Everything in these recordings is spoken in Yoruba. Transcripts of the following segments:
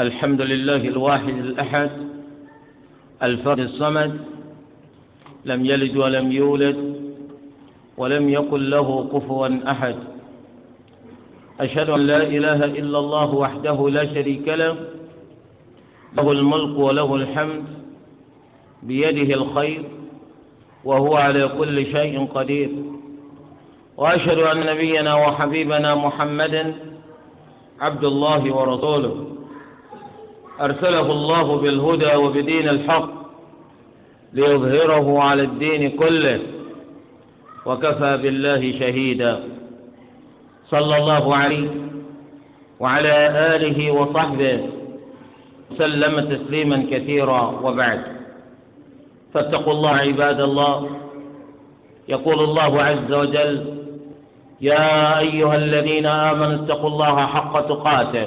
الحمد لله الواحد الأحد الفرد الصمد لم يلد ولم يولد ولم يقل له كفوا أحد أشهد أن لا إله إلا الله وحده لا شريك له له الملك وله الحمد بيده الخير وهو على كل شيء قدير وأشهد أن نبينا وحبيبنا محمدًا عبد الله ورسوله أرسله الله بالهدى وبدين الحق ليظهره على الدين كله وكفى بالله شهيدا صلى الله عليه وعلى آله وصحبه سلم تسليما كثيرا وبعد فاتقوا الله عباد الله يقول الله عز وجل يا أيها الذين آمنوا اتقوا الله حق تقاته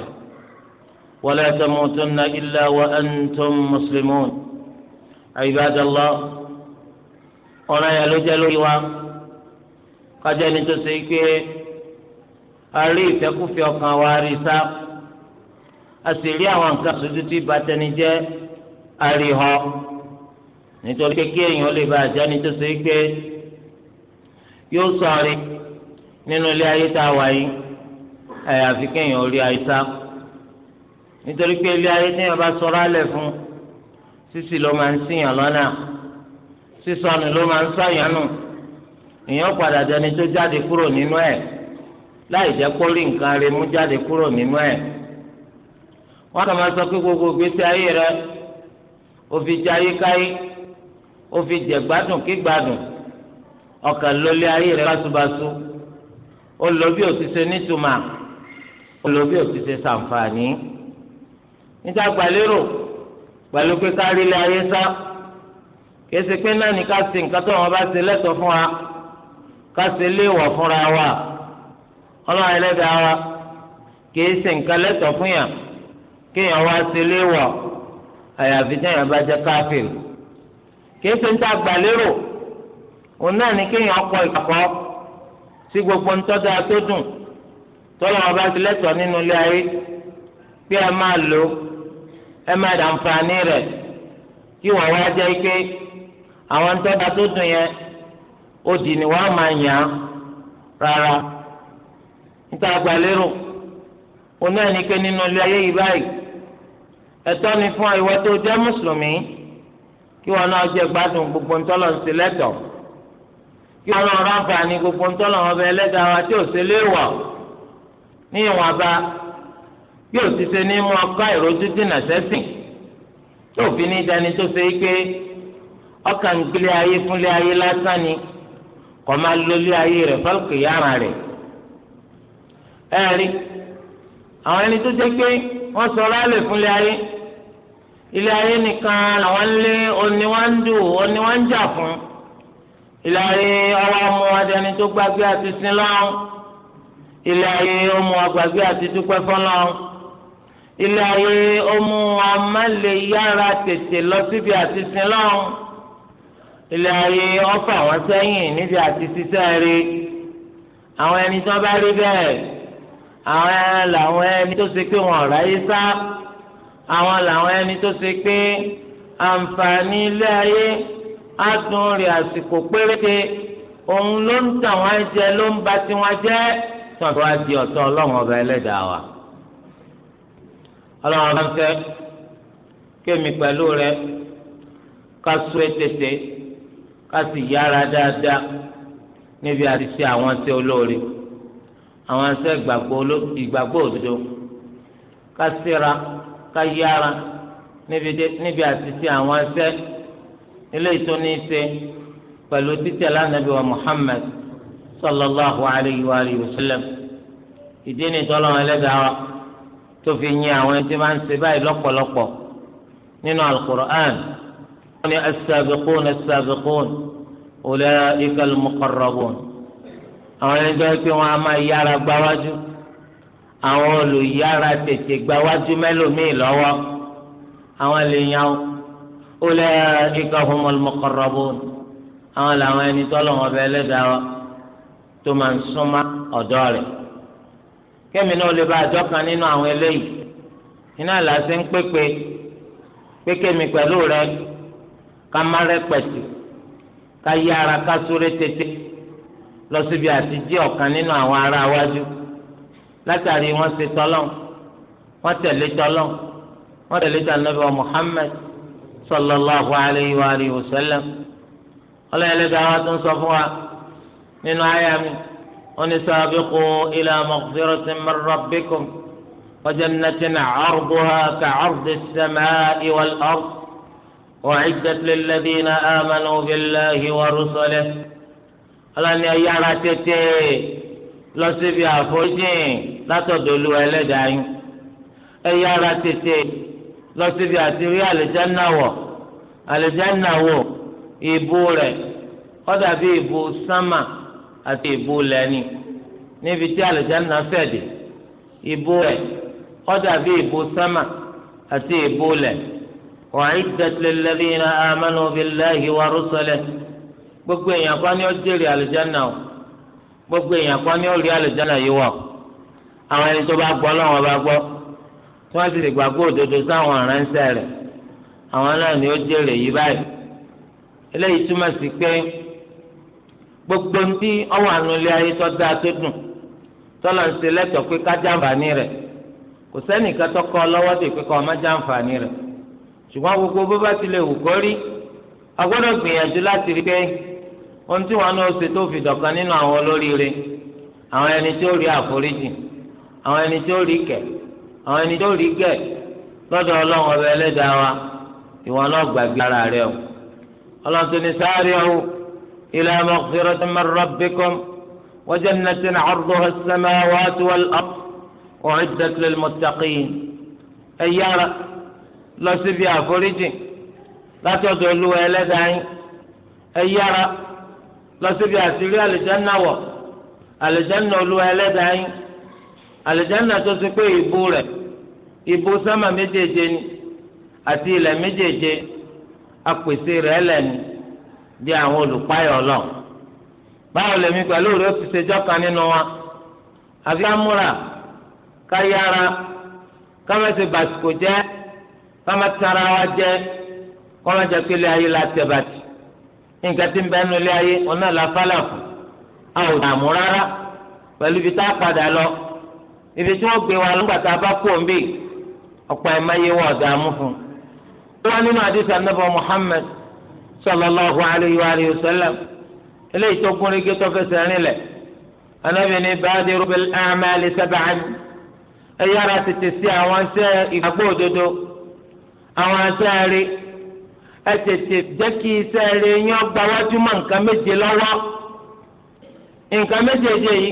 ولا تموتن إلا وأنتم مسلمون عباد الله أنا يلجل و قد نتسيكي أريد كفي وكوارثا أسيريا وانكا سجتي باتنجي أريها nítorí kékeré yìí ó lè bá àjẹ́ nítorí pé yóò sọ àrí nínú ilé ayé tá a wà yìí àyàfi kéèyàn orí àìsá nítorí pé ilé ayé téèyàn bá sọ̀rọ̀ alẹ̀ fún sísì ló máa ń ṣìyàn lọ́nà sísọnù ló máa ń sọ̀yàn nù èèyàn padà dẹni tó jáde kúrò nínú ẹ̀ láì jẹ́ kó rí nǹkan rẹ̀ mú jáde kúrò nínú ẹ̀ wọ́n kàn máa sọ pé gbogbo gbèsè ayé fi jẹ ayékáyé o fi jẹ gbádùn kí gbádùn ọkàn lólé ayé Olobi lọ bí òṣìṣẹ́ nítumọ̀ ó lọ bí òṣìṣẹ́ sàǹfààní níta gbàlérò pẹ̀lú pé kárílẹ̀ ayé sá kése pé náà ní wọn bá ṣe lẹ́tọ̀ọ́ fún wa ká ṣe léèwọ̀ fúnra wa ọlọ́run ẹlẹ́dàá wa kìí ṣe nǹkan lẹ́tọ̀ọ́ fún yàn kéèyàn wá ṣe léèwọ̀ àyàfi téèyàn bá jẹ́ káfíìn kìí ṣe ń òun náà ní kéèyàn kọ ìkàkọ́ sí gbogbo ntọ́jà tó dùn tọ́lọ́ wọn bá ti lẹ́tọ̀ nínú ilé ayé pé ẹ máa lò ẹ máa dànfààní rẹ̀ kí wọ́n wá jẹ́ pé àwọn ntọ́jà tó dùn yẹn ó dì ní wọ́n máa yàn án rárá níta àgbàlérò oní ẹnikẹ́ nínú ilé ayé yìí báyìí ẹ̀tọ́ ni fún ìwọ tó jẹ́ mùsùlùmí kí wọn náà jẹ gbádùn gbogbo ntọ́lọ́ ń ṣe lẹ́tọ̀ọ́. kí ọlọ́run ráǹfà ní gbogbo ńtọ́lọ̀ wọn bẹ ẹlẹ́dàá wa tí ò ṣe o ní ìwọ̀nba bí ò ti ṣe ní mú ọkọ ìrójú dínà sẹ́sìn tí òfin ní dání tó ṣe pé gbélé ayé fúnlé ayé lásán ni kò máa lólé ayé rẹ̀ fọ́lùkì yára rẹ̀ ẹ̀rí àwọn ẹni tó jẹ́ pé wọ́n sọ rálẹ̀ fúnlé ayé ilé ayé nìkan làwọn lé oníwájú oníwájà fún un. ìlàyé ọwọ́ ọmọ adẹni tó gbàgbé àti sin lọ́n ìlàyé ọmọ agbàgbé àti dúpẹ́ fọ́lọ́n ìlàyé ọmọ amálẹ̀yára tètè lọ síbi àti sin lọ́n ìlàyé ọfà wọn sẹ́yìn níbi àti sísẹ́ rí àwọn ẹni tó bá rí bẹ́ẹ̀ àwọn làwọn ẹni tó ṣe pé wọn ọ̀ráyé sá àwọn làwọn ẹni tó ṣe pé àǹfààní ilé ayé adùn rẹ̀ àsìkò péréte òun ló ń tàn wá jẹ ló ń ba tiwọn jẹ tọ́jú wá di ọ̀tọ̀ ọlọ́run ọba ẹlẹ́dàá wa ọlọ́run ọba ń fẹ́ kémi pẹ̀lú rẹ ká sún ètètè ká sì yára dáadáa níbi àti ṣe àwọn ṣe olóore àwọn ṣe ìgbàgbọ́ òdodo ká síra ká yára níbi àti ṣe àwọn ṣe eléyìí tó ní í ṣe pẹ̀lú títẹ̀ lánàbí wa Muhammad sallallahu alayhi wa alihi wa sallam ìdí ni tọ́lọ́run ẹlẹ́dàá wa tó fi yin àwọn ẹni tí wọ́n ń ṣe báyìí lọ́pọ̀lọpọ̀ nínú alukur'an wọ́n ní as-sabiqun as-sabiqun ulaika al àwọn ẹni tó ń pè a máa yára gbáwájú àwọn olùyára tètè gbáwájú mẹ́lòmíì lọ́wọ́ àwọn lè yan o. ulaika humul muqarrabun àwọn làwọn ẹni tọ́lọ̀ wọn ẹlẹ́dàá tó máa ń súnmọ́ ọ̀dọ́ rẹ̀ kẹ́mi náà lè bá àjọ kan nínú àwọn eléyìí iná làásì ń pépè pẹ̀lú rẹ ká má rẹ pẹ̀tì ká yára ká sóré tètè lọ síbi àti jí ọ̀kan nínú àwọn ará wájú látàrí wọ́n ṣe tọ́lọ́ wọ́n tẹ̀lé wọ́n tẹ̀lé muhammed. صلى الله عليه وآله وسلم قال يا لدعوات صفوة من عيامي ونسابقوا إلى مغفرة من ربكم وجنة عرضها كعرض السماء والأرض أعدت للذين آمنوا بالله ورسله ألن يرى تتي لسبيا فوجين لا تدلوا لدعين أن يرى lọ síbi àti rí àlùjánnà wọ̀ àlùjánnà wọ̀ ìbú rẹ̀ ó dàbí ìbú sámà àti ìbú lẹ́ni níbi tí àlùjánnà fẹ̀dí ìbú rẹ̀ ó dàbí ìbú sámà àti ìbú lẹ̀ u'iddat lilladhina amanu billahi wa rusulihi gbogbo èèyàn kan ni ó jèrè àlùjánnà o gbogbo èèyàn kan ni ó rí àlùjánnà yìí wọ̀ àwọn ẹni tó bá gbọ́ lọ́wọ́ bá gbọ́. wọ́n sì lè gbàgbọ́ òdodo sáwọn aránṣẹ́ rẹ̀ àwọn náà ni ó jèrè yí báyìí eléyìí túmọ̀ sí pé gbogbo ntí ọwọ́ ànulẹ̀ ayé tó dáa tó dùn tọ́lọ̀ ń ṣe lẹ́tọ̀ọ́ pé ká jàǹfààní rẹ̀ kò lọ́wọ́ dè pé kọ́ ọ má rẹ̀ ṣùgbọ́n gbogbo bó bá wù rí gbìyànjú láti rí pé ohun tí wọn náà ṣe tó fi dọ̀kan nínú àwọn olóríire àwọn ẹni àwọn ẹni tó rí gẹ̀ lọ́dọ̀ ọlọ́run ọba ẹlẹ́dàá wa ìwọ náà gbàgbé ara rẹ o ọlọ́run tó ní sáré o ilé ọmọ kúrò tó máa rọ́bì kọ́m wọ́jà nàti ní ọ̀rọ̀ sẹ́mẹ́ wá tó wọ́n ọ́p ọ̀hìn dẹ́tulẹ̀ mọ́tàkìyìn ẹ yára lọ síbi àforíjì láti olúwa ẹlẹ́dàá yín ẹ yára lọ síbi àṣírí àlìjáná wọ̀ àlìjáná olúwa ẹlẹ́dàá yín. àlùjánnà tó ti pé ìbú rẹ̀ ìbú sámà méjèèje ni àti ilẹ̀ méjèèje apèsè rẹ̀ lẹ́nu di àwọn olùpáyọ̀ ọlọ́run báwo lèmi pẹ̀lú rẹ̀ ti ṣèjọ́ kan nínú wa àfi amúra káyára kámẹ́sì bàtìkò jẹ́ kámẹ́tara wa jẹ́ ayé la tẹ̀ bàtì nǹkan tí ń bẹ́ẹ̀ ayé ọ̀nà fún a ò rárá pẹ̀lú ibi tí wọ́n gbé wa nígbà tá a bá kú òǹbì ọ̀pọ̀ ẹ̀ máa yé wọn ọ̀dààmú fún un. ó wá nínú àdìsá nàbà Muhammad sallallahu alayhi wa alihi wa sallam eléyìí tó gún régé tó fẹsẹ̀ rinlẹ̀ anábì ní badiru bil a'mali sab'an ẹ yára tètè sí àwọn ṣẹ́ ìgbàgbọ́ òdodo àwọn ṣẹ́ rí ẹ tètè jẹ́ kí iṣẹ́ rí yín ọgbà wájú mọ́ nǹkan méje lọ́wọ́ nǹkan méje yìí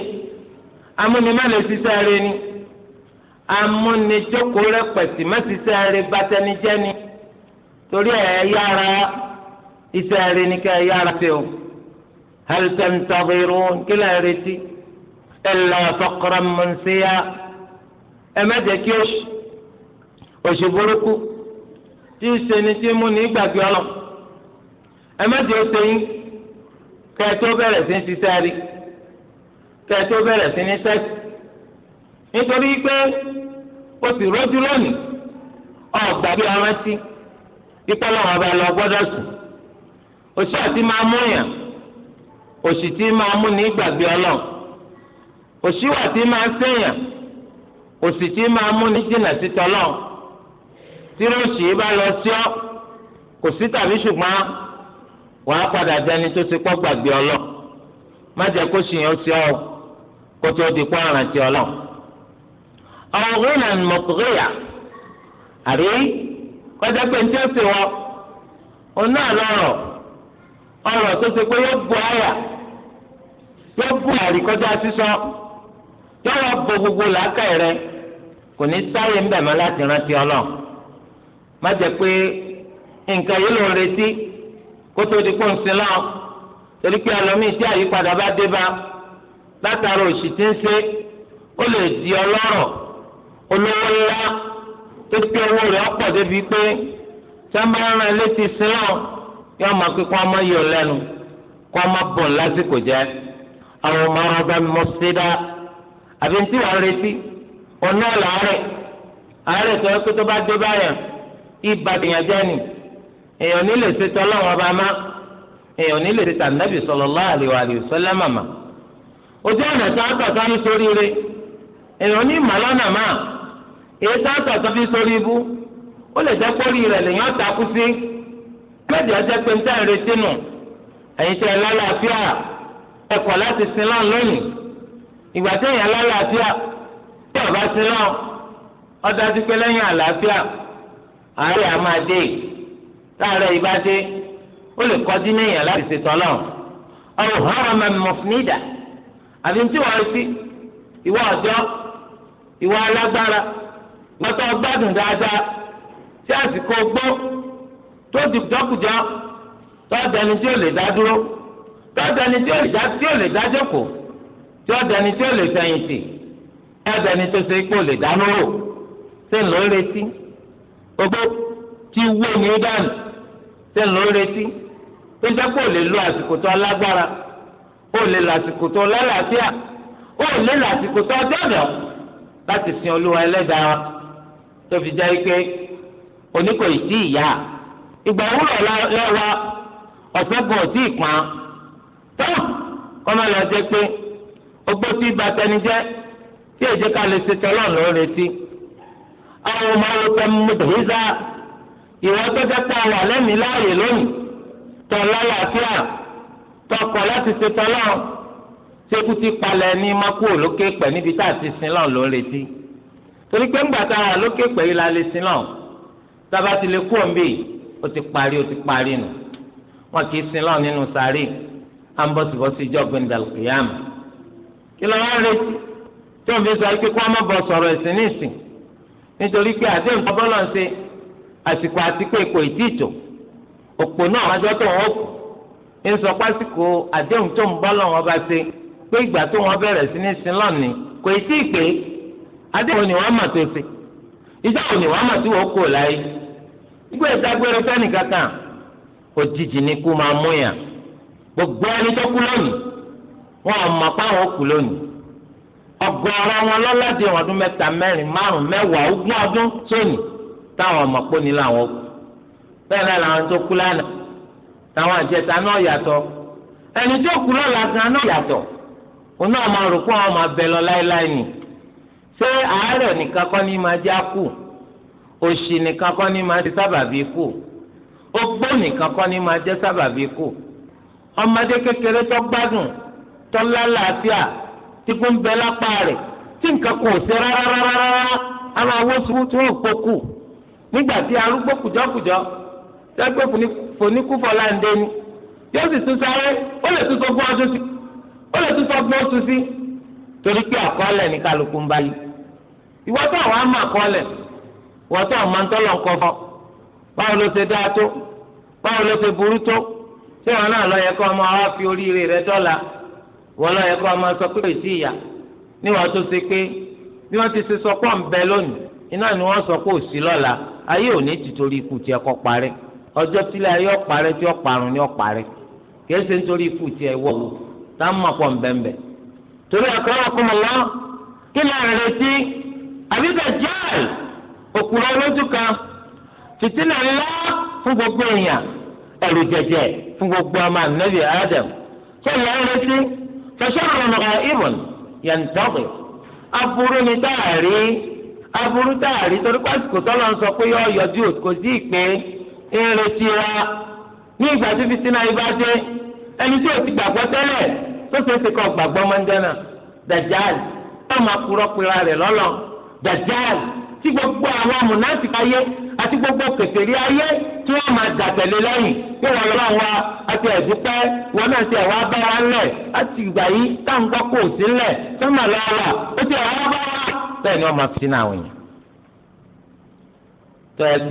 amúnimálè ṣiṣẹ́ rẹ ni amúnijókòó rẹ pẹ̀sì má ṣiṣẹ́ rẹ bàtẹnijẹ́ ni torí ẹ̀ yára iṣẹ́ rẹ ni ká yára ṣe o hal tantazirun kí lè retí illa faqran munsiya ẹ má jẹ́ kí oṣù oṣù burúkú tí ó ṣe ni tí mú ní gbàgbé ọlọ ẹ oṣù yín kẹ́ ẹ sí ṣiṣẹ́ rẹ. kẹtí ó bẹ̀rẹ̀ sí ní sẹ́ẹ̀sì nítorí pé ó sì rọ́jú lónìí ọ̀gbà bí arántí ipá làwọn ọba lọ gbọ́dọ̀ sùn òṣì àti máa mú yàn òṣì tí máa mú ní gbàgbé ọlọ́run òṣì wà tí máa sẹ́yàn òṣì tí máa mú ní jìnnà sí tọ́lọ́run tí rọ́ọ̀ṣì bá lọ sí ọ́ kò sí tàbí ṣùgbọ́n wàá padà dẹni tó ti kọ́ gbàgbé ọlọ́run má jẹ́ kó ṣìyàn ó ti ọ́ o. kótó di kó àrántí ọlọ́run ọ̀hún náà mọ̀kúrẹ́yà àrí kọjá pé njẹ́ sè wọ́n ọ̀nà lọ́rọ̀ ọ̀rọ̀ tó ṣe pé yóò bu àyà yóò bu àrí kọjá sísọ yóò bọ gbogbo làákàyè rẹ kò ní sáyé ń bẹ̀ mọ́ láti rántí ọlọ́run má jẹ́ pé nǹkan yìí ló ń retí kótó di kó ń sin torí pé tí àyípadà bá dé bá. látara òṣì tí ń ṣe ó lè di ọlọ́rọ̀ olówó ńlá tó ti pé owó rẹ̀ ọ̀pọ̀ débi pé sábàárà létí sílọ̀ yóò máa pé kó ọmọ yọ lẹ́nu kó ọmọ bọ̀ lásìkò jẹ́ àwọn ọmọ ọba mọ̀sídà àbí tí wàá retí ọ̀nà làárẹ̀ àárẹ̀ tó yẹ kó tó bá dé báyàn ibà ojú ọ̀nà tá a tọ̀tọ̀ fi sórí re èèyàn ní ìmọ̀lọ́nà máa èyí tá a tọ̀tọ̀ fi sórí ibú ó lè jẹ́ kórì rẹ̀ lèyàn takú sí mẹ́jọ jẹ́ pé ń tẹ́ ìrètí nù ẹ̀yin tẹ́ ẹ lálàáfíà ẹ̀kọ́ láti sin lọ́n lónìí ìgbà tí èèyàn lálàáfíà tí ọ̀bá sin lọ́n ó dájú pé lẹ́yìn àlàáfíà àárẹ̀ á máa dé láàárẹ̀ ìbá dé ó lè kọjú ní èèyàn láti ṣètọ́ lọ́n ọ̀rọ̀ àbí tí wọ́n retí ìwọ ọ̀dọ́ ìwọ alágbára lọ́tọ́ gbádùn dáadáa tí àsìkò gbó tó di dọ́kùjọ́ tó dẹni tí ó lè dá dúró tó dẹni tí ó lè dá tí ó lè dá jókòó tí dẹni tí ó lè fẹ̀yìntì si dẹni tó ṣe pé lè dáná ń lọ retí tí ní ń lọ retí tó jẹ́ lè lo àsìkò tó alágbára. ó lè lásìkò tó lálàáfíà ó lè lásìkò tó dọ̀dọ̀ láti sin olúwa ẹlẹ́dàá tó fi jẹ́ pé oníkò ìtì ìyá ìgbà wúlò lọ́wọ́ ọ̀sẹ́gun ò tí ì pọ́n tó kọ́mọ lọ jẹ́ pé ogbó tí ba tẹni jẹ́ tí èjì ká lè ṣe tọ́lọ́ ló retí àwọn ọmọ wo tẹ mọ̀tòhíza ìwọ́n tó jẹ́ pọ̀ wà lẹ́mìí láàyè lónìí tọ́ lálàáfíà tọkọ láti ṣe tọ́lọ́ ṣekú ti palẹ̀ ní mọ́kú òlókè pẹ̀ níbi tá a ti sin lọ́n ló ń retí torí pé ńgbà tá a wà lókè pẹ̀ yìí la lè sin lọ́n sábà ti lè kú òǹbì ó ti parí ó ti parí nù wọn kì í sin lọ́n nínú sáré à ń bọ́ sí bọ́sí ìjọ gbẹ̀ndàlùkìyàm kí ló wá retí tí òun fi sọ pé kó ọmọ bọ̀ sọ̀rọ̀ ẹ̀sìn nísìn nítorí pé àti nǹkan ń ṣe àsìkò àti pé kò ì ń sọ pásíkò àdéhùn tó ń bọ́ lọ́wọ́ bá ṣe pé ìgbà tó wọn bẹ̀rẹ̀ sí ní sin lọ́ọ̀nì kò ì tí ì pé àdéhùn ni wọ́n mọ̀ tó ṣe ìjọ òní wọ́n mọ̀ tí wọ́n kò láyé ìgbà ìdágbére fẹ́ni kankan òjijì ni kú máa mú yàn gbogbo ẹni tó kú lónìí wọn ò mọ̀ pé àwọn kú lónìí ọ̀gọ̀ọ̀rọ̀ wọn lọ́lọ́dẹ ọdún mẹ́ta mẹ́rin márùn mẹ́wàá ogún ọdún sóni táwọn ọmọ pọ́ni làwọn kú bẹ́ẹ̀ náà làwọn tó kú lánàá táwọn àjẹta náà yàtọ̀ ẹni tó kú lọ́la gan náà yàtọ̀ òun náà máa rò pé àwọn máa bẹ lọ láéláé nì ṣé àárẹ̀ nìkan kọ́ ni máa já kù òṣì nìkan kọ́ ni máa jẹ́ sábàbí kù ogbó nìkan kọ́ ni máa jẹ́ sábàbí kù ọmọdé kékeré tó gbádùn tó lálàáfíà tí kò ń bẹ lápá rẹ̀ tí nǹkan kò ṣe rárárárá àwọn awó sùúrù tí wọ́n nígbà tí arúgbó kùjọ́kùjọ́ tẹ́gbẹ́ fún ni kò ní kú fọlá ń dé ni yóò sì tún sáré ó lè tún sọ fún ọdún sí ó lè tún sọ fún sí torí pé àkọọ́lẹ̀ ní kálukú ń báyìí ìwọ àwọn àmọ́ àkọọ́lẹ̀ àwọn máa ń tọ́lọ̀ báwo ló ṣe dáa tó báwo ló ṣe burú tó ṣé wọn náà lọ yẹ kó ọmọ wa fi oríire rẹ dọ́là wọn lọ yẹ kó ọjọ́ tílẹ̀ ayé ọ̀parẹ́ tí ọ̀parun ni ọ̀parẹ́ kìí ṣe nítorí tí ẹ torí mọ̀ kí ni olójú kan fìtínà ńlá fún gbogbo èèyàn ẹ̀rù jẹjẹ fún gbogbo ọmọ adam ṣé ìyá aburú ni aburú torí pásítọ̀ tọ́lọ́ sọ pé yọ ìpín ìrètí wa ní ìgbà tí fitinà ibà dé ẹni tí o ti gbàgbọ́ tẹ́lẹ̀ tó ṣe é ṣe kọ́ gbàgbọ́ mọ́ndánà dajal tó máa kúrọ́ pera rẹ̀ lọ́lọ́ dajal tí gbogbo àwọn amúnáfíà ayé àti gbogbo kèfèrí ayé tí wọ́n máa dàtẹ̀lé lẹ́yìn bí wọ́n lọ́wọ́ wa àti ẹ̀dúpẹ́ wọn náà ti wa ńlẹ̀ àti ìgbà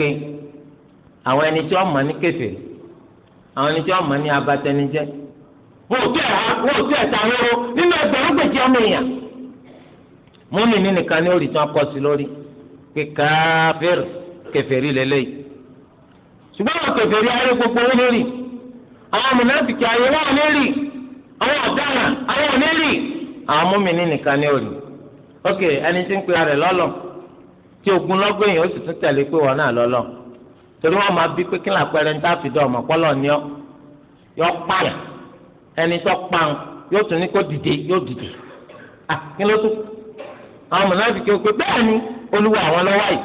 yìí àwọn ẹni tí wọ́n mọ̀ ní kèfèrí àwọn ẹni tí wọ́n mọ̀ ní abatẹnijẹ́ wọ́n ò tẹ̀ wọ́n ò tẹ̀ tàwérò nínú ẹgbẹ̀rún gbèjì ọmọ èèyàn múmi ní nìkan ní orí tí wọ́n kọ́ sí lórí pé káfíìr kèfèrí lélẹ́yìí ṣùgbọ́n àwọn kèfèrí ayé gbogbo wọn lórí àwọn mùnàfìkì ayé wọn lórí àwọn ọ̀daràn àwọn onírí àwọn múmi ní nìkan ní orí ok ẹni tí ń pe ara rẹ̀ lọ́lọ́ tí ogun lọ́gbẹ̀yìn ó sì tún tẹ̀lé pé wọn náà lọ́lọ́ torí wọn máa bí pé kí lóò àpẹẹrẹ níta fi ọmọ kọlọ ni ọ yọ pààyàn ẹni tó pààyàn yóò tún ní kó dìde yóò dìde à kí ló tún àwọn mọ̀nàfíkì ó pé bẹ́ẹ̀ ni olúwa àwọn lọ́wọ́ yìí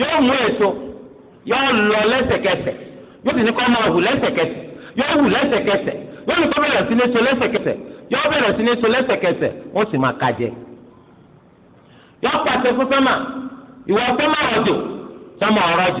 yóò mú èso yóò lọ lẹ́sẹ̀kẹsẹ̀ yóò sì ní kó máa lẹ́sẹ̀kẹsẹ̀ yóò lẹ́sẹ̀kẹsẹ̀ yóò ní kó bẹ̀rẹ̀ sí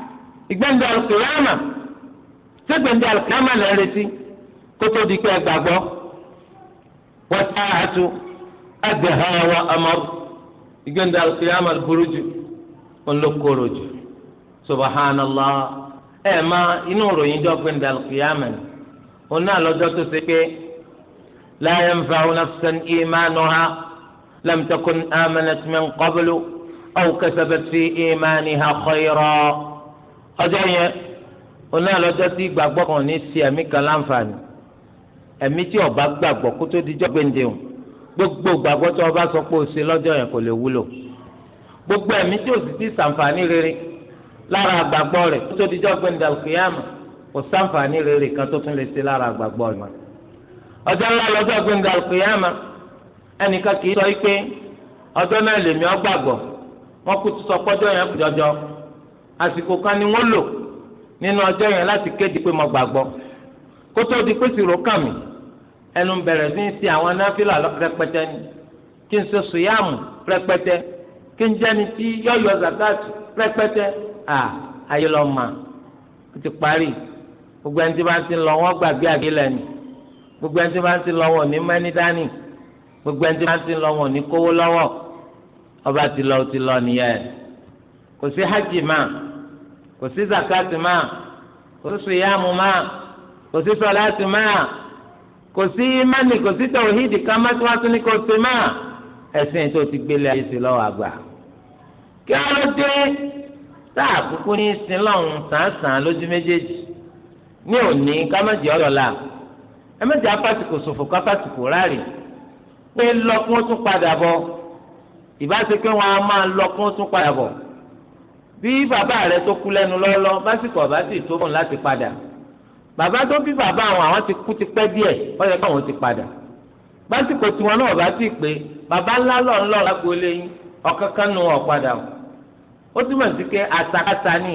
ìgbẹ́ndé alùkìyàmà sẹ́gbẹ̀ndé alùkìyàmà lẹ́ retí kótó di pé ẹgbàgbọ́ wọ́n ti àtú ẹgbẹ̀hán wa amọ́rù ìgbẹ́ndé alùkìyàmà burú jù olókòrò jù subhanallah ẹ̀ máa inú ìròyìn jọ gbẹ́ndé alùkìyàmà ni òun náà lọ́jọ́ tó ṣe pé la yanfa'u nafsan imanuha lam takun amanat min qablu aw kasabat fi imaniha khayra. ọjọ́ yẹn oní ọlọjọ tí gbàgbọ́ kan ní ti ẹ̀mí kan láǹfààní ọba gbàgbọ́ kó tó dijọ́ gbèǹde o gbogbo gbàgbọ́ tí ọba sọ pé o ṣe lọ́jọ́ yẹn kò lè gbogbo emiti tí o sì ti sàǹfààní rere lára àgbàgbọ́ rẹ kó tó kò sàǹfààní rere kan tó tún lè ṣe lára ńlá ẹnìkan kì í sọ pé náà lèmi wọn àsìkò kan ni wọ́n lò nínú ọjọ́ yẹn láti kéde pé mo gbàgbọ́ kó tó di pé sìrò kàn mí ẹnu bẹ̀rẹ̀ sí ṣe àwọn náfìlà rẹpẹtẹ ni kí n ṣe sùyàmù rẹpẹtẹ kí n jẹ́ni tí yọ̀yọ̀ zakat rẹpẹtẹ à ayé lọ mà ó ti parí gbogbo ẹni tí bá ti lọ wọ́n gbàgbé àgélẹ̀ ni gbogbo ẹni tí bá ti lọ wọ́n ní mẹ́ni gbogbo ẹni tí bá ti lọ wọ́n ní kówó lọ́wọ́ ọba ti lọ ti lọ nìyẹn kò sí hajj máa kò sí zakati máa kò sí suyamu ma, kò sí sọláàtì máa kò sí imani kò sí tawhidi ká má tí wọ́n tún ní kò sí máa ẹ̀sìn tó ti gbélé ayé sí lọ́wọ́ àgbà. kí wọ́n dé tá àkókò ní sinlọ́hún sàn lójú méjèèjì ní òní ká má jẹ́ ọ̀yọ́ la ẹ má jẹ́ apásìkò ṣòfò ká apásìkò ráàlì pé lọ́kùn tún padà bọ̀ ìbáṣepẹ́ wọn a máa lọ́kùn tún padà bọ̀. bí bàbá rẹ tó kú lẹ́nu lọ́lọ́ básìkò ọ̀bá sì tó fún láti padà bàbá tó bí bàbá àwọn àwọn ti kú ti pẹ́ díẹ̀ ó yẹ káwọn ti padà básìkò tiwọn náà pé bàbá ńlá ọ̀kankan ọ̀padà o ó túmọ̀ sí pé àtàkàtà tí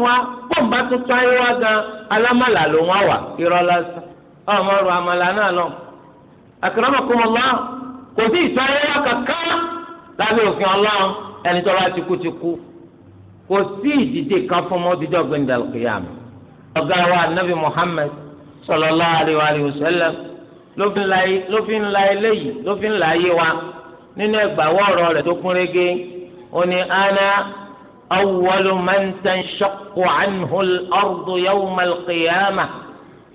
wọn bá tó tán ayé gan alámàlà ló lábẹ́ òfin ọlọ́run ẹni tó bá ti kú ti kú kò sí ìdíje kan fún mọ́tòjọ́ gbẹ̀ndà kìyàmù. ọ̀gá wa nabi muhammed sallallahu alaihi wa sallam ló fi ń la eléyìí ló fi ń la ayé wa nínú ẹgbàáwọ̀ ọ̀rọ̀ rẹ̀ tó kún régé ó ní ana awwalu man tanshaqqu anhu al-ardu yawma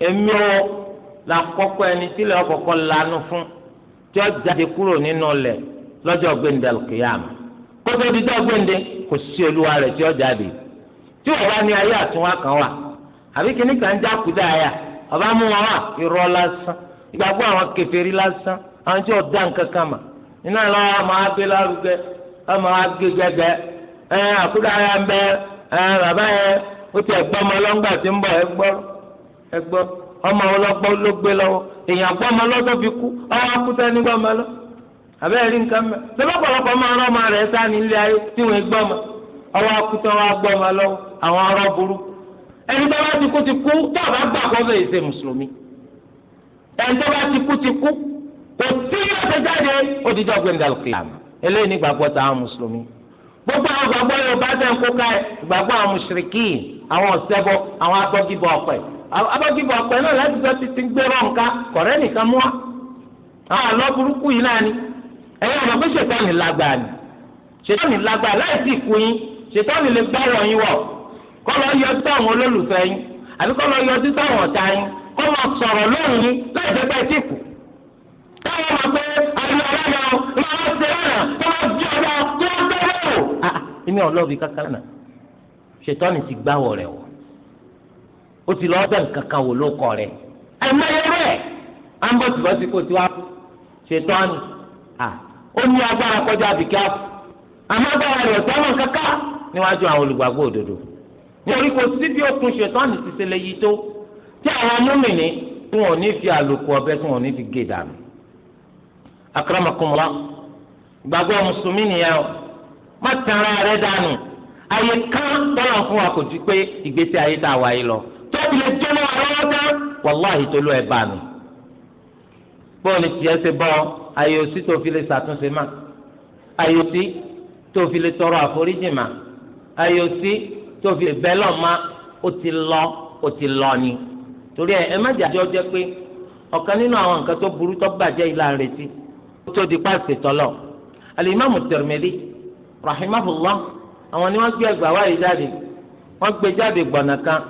èmi ò la ẹni tí lè ọkọ̀ọ̀kọ̀ lanu fún tí ó jáde kúrò nínú ọ̀lẹ̀ lọ́jọ́ ogbende alùkìyàmù kótó dídọ́ gbẹ̀ndé kò sí olúwa rẹ̀ tí ó jáde tí ọba ní ayé àtúnwá kan wà àbí kíní kan já kúdà ayà ọba mú wọn wà irọ́ lásán ìgbàgbọ́ àwọn kèfèrí lásán àwọn tí ó dá nǹkan kan mà lárugẹ agé ẹ àkúdà ń bẹ ẹ bàbá ó ti ọmọ tí ń bọ̀ ọmọ ló gbé lọ́wọ́ abẹ́rẹ́ rí nǹkan mẹ́ sọ́kọ̀lọ́kọ̀ máa rán ọmọ rẹ̀ sáà nílé ayé tí wọ́n gbọ́ ma ọwọ́ akutọ́ wa gbọ́ ma lọ́wọ́ àwọn arọ́ burú ẹni tó bá ti kú ti kú tó àbá gbà kó fẹ́ ṣe mùsùlùmí ẹni tó bá ti kú ti kú kò sí ọ̀sẹ̀ jáde ó ti jọ gbẹ̀ndàlù kìlámù eléyìí ní gbàgbọ́ táwọn mùsùlùmí gbogbo àwọn gbàgbọ́ yóò bá tẹ̀ àwọn mùsùlùmí wa àwọn àlọ́ burúkú yìí náà ni ẹ̀yin ọmọ pé ṣètọ́ni lágbàá ni ṣètọ́ni lágbàá láì sí ìkú yín ṣètọ́ni lè gbọ́rọ̀ yín wọ̀ kọ́ lọ yọ títọ́ àwọn olólùfẹ́ yín àbí kọ́ lọ yọ títọ́ àwọn ọ̀tá yín kọ́ lọ sọ̀rọ̀ lóhùn yín láì fẹ́ pẹ́ tìkù. táwọn ọmọ pé àwọn ọlọ́yọ̀ máa ṣe lọ́nà tó máa jẹ ọ̀dọ́ tó ń tẹ́lẹ̀ o. èmi ọlọ́ọ̀bì kankan náà ṣètọ́ni ti gbáwọ̀ rẹ̀ wọ̀ ó ti lọ́ọ́ bẹ̀rù kankan wò ló kọ rẹ̀ àìmọye rẹ̀ ambọ̀tìbọ̀tì kò ti wá ṣètọ́ni ah, o agbára kọjá àbíkẹ́ àfọ̀ àmọ́ agbára rẹ̀ sọ́mọ̀ níwájú àwọn olùgbàgbọ́ òdodo nítorí kò sí bí okun ṣètọ́nù ti lè yí tó tí àwọn múmìnì tí wọn ò ní fi àlòkù ọbẹ̀ tí wọn ò ní fi gé dànù. akramakumullah gbàgbọ́ mùsùlùmí nìyẹn o má tẹ̀ra rẹ dànù àyè kan tọ́lọ̀ fún wa kò ju pé ìgbésí ayé tá a lọ lè jóná wàláhì tó ẹ̀ bànú. bọ́ọ̀lù àyòsí tó fi lè ṣàtúnṣe mà àyòsí tó fi lè tọrọ àforíjì mà àyòsí tó fi lè bẹ́ẹ̀ lọ mà ó ti lọ ó ti lọ ni torí ẹ ẹ má jẹ àjọ jẹ pé ọ̀kan nínú àwọn nǹkan tó burú tó bàjẹ́ ìlà retí ó tó di pàṣẹ tọ́lọ̀ alimami Tirmidhi rahimahullah àwọn ni wọ́n gbé ẹgbàá wáyé jáde wọ́n gbé jáde gbọ̀nà kan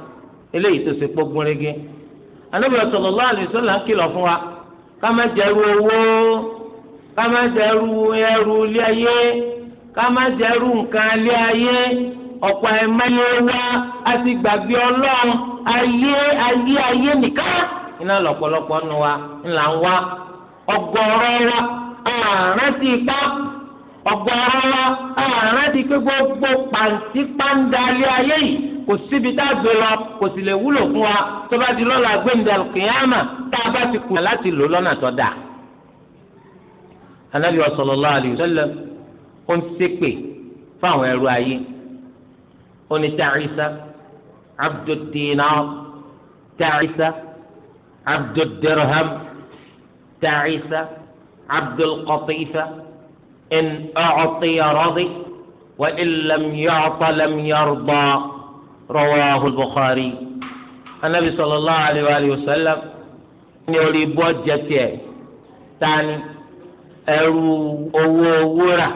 eléyìí tó ṣe pọ́ gúnrégé Ànábì sallallahu alaihi wasallam kìlọ̀ fún wa. kama jẹrù owó kama jẹrù ẹrù ilé ayé kama jẹrù nǹkan ilé ayé ọ̀pọ̀ ẹ̀mẹ́yẹ wá a ti gbàgbé ọlọ́run ayé ayé ayé nìkan iná lọ̀pọ̀lọpọ̀ nù wa ńlá ń wá ọgọ́rọ́ wa ọgọ́rọ́ wa pé gbogbo pàǹtí pàǹdà ayé yìí. kò síbi tá a gbé lọ kò sì lè wúlò fún wa tó bá di lọ́la gbẹ̀ǹdà kìyàmà tá a bá ti kù láti lò lọ́nà tó dáa. anabi sallallahu alayhi wa sallam ó ń ṣépè fáwọn ẹrú ayé ó ní ta'isa abdud dinar ta'isa abdud dirham ta'isa abdul qatifa in a'tiya radi wa in lam rawahu al-Bukhari anabi sallallahu alayhi wa sallam ní orí bọ́ọ̀jẹ tiẹ̀ tani ẹrú owó wúrà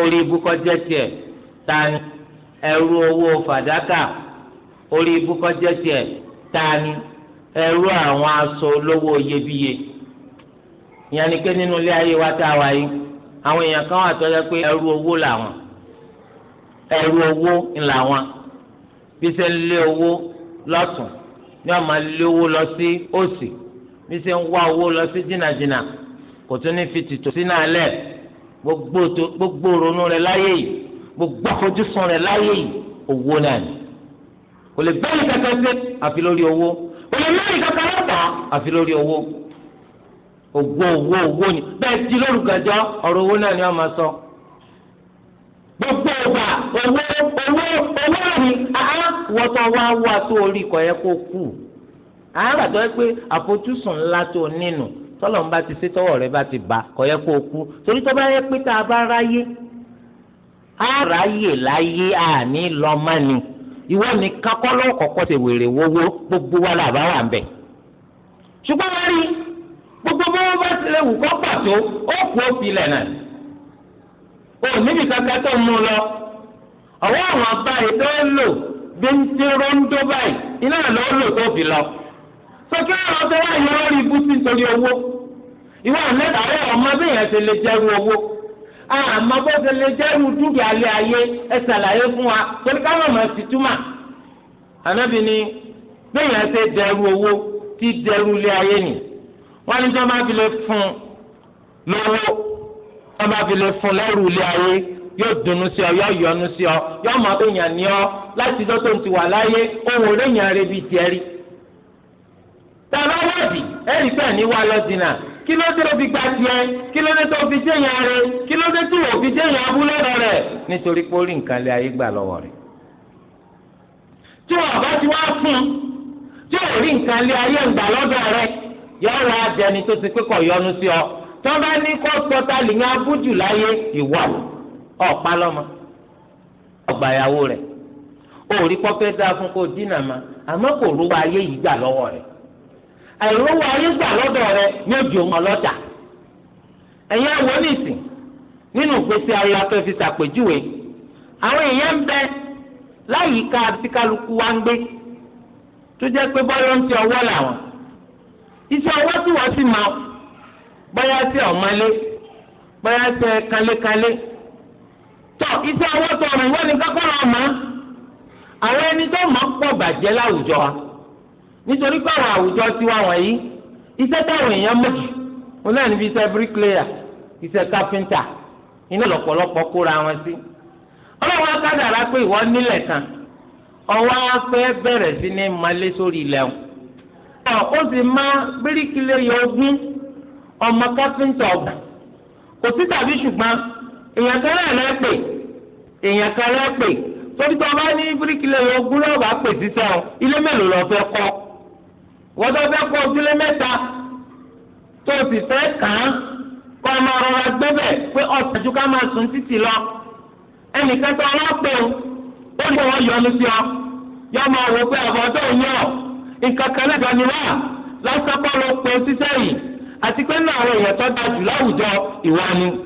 orí ibùkọ́jẹ tiẹ̀ tani ẹrú owó fàdákà ẹrú àwọn aṣọ iyebíye ìyẹn ni pé nínú ilé ayé wa tá a àwọn èèyàn kan wà tó yẹ pé ẹrú owó làwọn ẹrú owó bí ṣe ń lé owó lọ́tún ní ọmọ lé owó lọ sí òsì bí ṣe ń wá owó lọ sí jìnnàjìnnà kò tún ní fi tìtò sínú alẹ́ gbogbo ronú rẹ̀ láyé yìí gbogbo àfojúsùn rẹ̀ láyé yìí owó náà ni kò lè bẹ́ẹ̀ kankan sí àfi lórí owó kò lè mẹ́rin kankan lọ́tà àfi lórí owó owó owó owó ni bẹ́ẹ̀ ti lórúkọ ọ̀rọ̀ owó náà ni wọ́n máa sọ gbogbo ọgbà ìwọ́tọ̀ wá wà tó orí kọ̀ yẹ kó kù àáràdọ́ yẹ pé àfojúsùn ńlá tó nínú tọ́lọ́run bá ti ṣe tọ́wọ́ rẹ bá ti bá kọ̀ yẹ kó kú torí tó bá yẹ pé tá a bá ráyé àráyè láyé àní lọ́mọ́ni ìwọ ni kakọ́lọ́ kọ̀kọ́ ṣe wèrè wọ́wọ́ gbogbo wa làbá wà ń bẹ̀ ṣùgbọ́n wọ́n rí gbogbo bó bá tilẹ̀ wù kọ́ pàtó ó kú ó filẹ̀ náà ò níbi kankan tó mú lọ ọ̀wọ́ àwọn abáyé tó ń lò bíntín rondo báyìí iná ló lò tó fi lọ. sọ́kí àwọn ọ̀sẹ̀ wà yọ lórí ibú sí nítorí owó. ìwọ àlẹ́dà rẹ̀ ọmọ bí èèyàn ṣe lè jẹ́rú owó. àmọ́ bó ṣe lè jẹ́rú dúkìá lé ayé ẹ ṣàlàyé fún wa torí káwọn ọmọ sì túmà. ànábì ni bí èèyàn ṣe dẹrú owó tí dẹrú lé ayé nì. wọ́n ní tí wọ́n bá fi lè fún lówó wọ́n bá fi lè fún lẹ́rù lé ayé yóò dùnnú sí ọ yóò yọ́nú sí ọ yóò máa bẹ yàn ní ọ láti dọ́tò ti wà láyé ohun òréyìn rẹ bíi tiẹ̀ rí. tàbá wọ́ọ̀dì ẹ̀rí pẹ̀ ní wa lọ dìnnà kí ló dé òbí gba tiẹ̀ kí ló dé tó fi jẹ́yàn rẹ kí ló dé tí òbí jẹ́yàn abúlé rẹ nítorí pé ó rí nǹkan lé ayé gbà lọ́wọ́ rẹ̀. tí wọ́n bá ti wá fún tí ò rí nǹkan lé ayé ń gbà lọ́dọ̀ rẹ̀ yọ̀ọ́ ra jẹni tó ti pé kọ̀ sí ọ tọ́ba ní kó sọ lìyàn abújù láyé ìwà lò. ọ̀pá lọ́mọ ọgbà ìyàwó rẹ̀ òòrí pọ́pẹ́ dáa fún kó dínà ma àmọ́ kò rówó ayé yìí gbà lọ́wọ́ rẹ̀ àìrówó ayé gbà lọ́dọ̀ rẹ̀ ní òjò wọn lọ́jà ẹ̀yin àwọn onísìn nínú ìgbésí ayé àwọn èèyàn ń bẹ láyìíká kálukú ń gbé tó jẹ́ pé bọ́lá ń ti ọwọ́ làwọn iṣẹ́ ọwọ́ tọ iṣẹ́ ọwọ́ tọrọ ìwọ ni kọ́kọ́ lọ mọ́ àwọn ẹni tó mọ̀ pọ̀ bàjẹ́ láwùjọ wa nítorí pé àwọn àwùjọ tiwa wọ̀nyí iṣẹ́ táwọn èèyàn mọ̀ jù wọn náà níbi iṣẹ́ bíríkìlẹ́yà iṣẹ́ káfíńtà iná kóra wọn sí ọlọ́wọ́ akádàrá pé ìwọ nílẹ̀ kan ọwọ́ afẹ́ bẹ̀rẹ̀ sí ní malé sórí ó sì má bíríkìlẹ́yà ogún ọmọ káfíńtà ọgbà kò sí tàbí ṣùgbọ́n èèyàn kan náà lọ́ọ́ pè èèyàn kan lọ́ọ́ pè torí tó bá ní bíríkìlẹ̀ yọ gúlẹ̀ ọ̀bà pè sísẹ́ ọ ilé mélòó lọ fẹ́ kọ́ wọ́n tó fẹ́ kọ́ ojúlé mẹ́ta tó o sì fẹ́ kàn án kọ́ ọ máa rọra gbébẹ̀ pé ọ̀sán ju ká máa sùn títì lọ ẹnìkan tó ọlọ́pẹ̀ o ó ní wọ́n yọnu sí ọ yọ máa wò pé ọ̀bọ̀ tó ń yọ nǹkan kan náà ni wá lọ́sọ̀kọ́ ló pe sísẹ́ yìí àti pé náà àwọn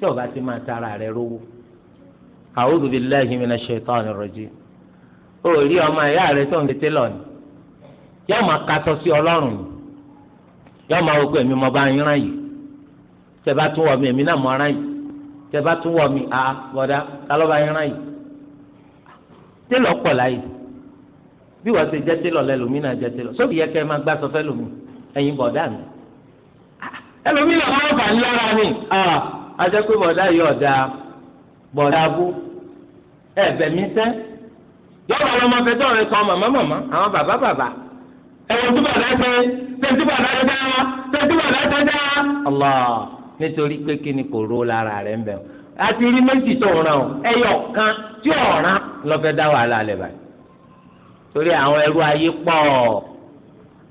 tí o bá ti máa tara rẹ rówó a'udhu billahi minash shaitani rajim o rí ọmọ ẹ̀yà rẹ tó ń tètè lọ ni yóò máa katọ́ sí ọlọ́run ni yóò máa wọ́pọ̀ èmi mo bá yín rán yìí tẹ bá tún wọ mi èmi náà mo rán yìí tẹ bá tún wọ mi à bọ̀dá kálọ́ bá yìí télọ̀ pọ̀ láyè bí wọ́n ṣe jẹ́ télọ̀ lẹ́lòmí náà jẹ́ télọ̀ sóbì yẹ kẹ́ ẹ máa gbá sọ fẹ́ ẹ̀yin bọ̀dá mi ẹlòmí náà bà ń lára ni. Ah ajẹ́ pé bọ̀dá yìí ọ̀dà bọ̀dá bú ẹ̀bẹ̀ mi sẹ́ yọ̀wọ̀ àwọn ọmọ fẹ́tọ́ rẹ sọ màmá màmá àwọn bàbá bàbá ẹ̀wọ̀n tí bàbá ṣe tẹ̀sí bàbá ṣe dáa tẹ̀sí bàbá ṣe dáa. ọlọ nítorí pé kí ni kò ró lára rẹ ń bẹ o àti rí méjì tó ń ràn o ẹyọ kan tí ò ràn lọ́fẹ́ dá wàhálà alẹ́ báyìí torí àwọn ẹrú ayé pọ̀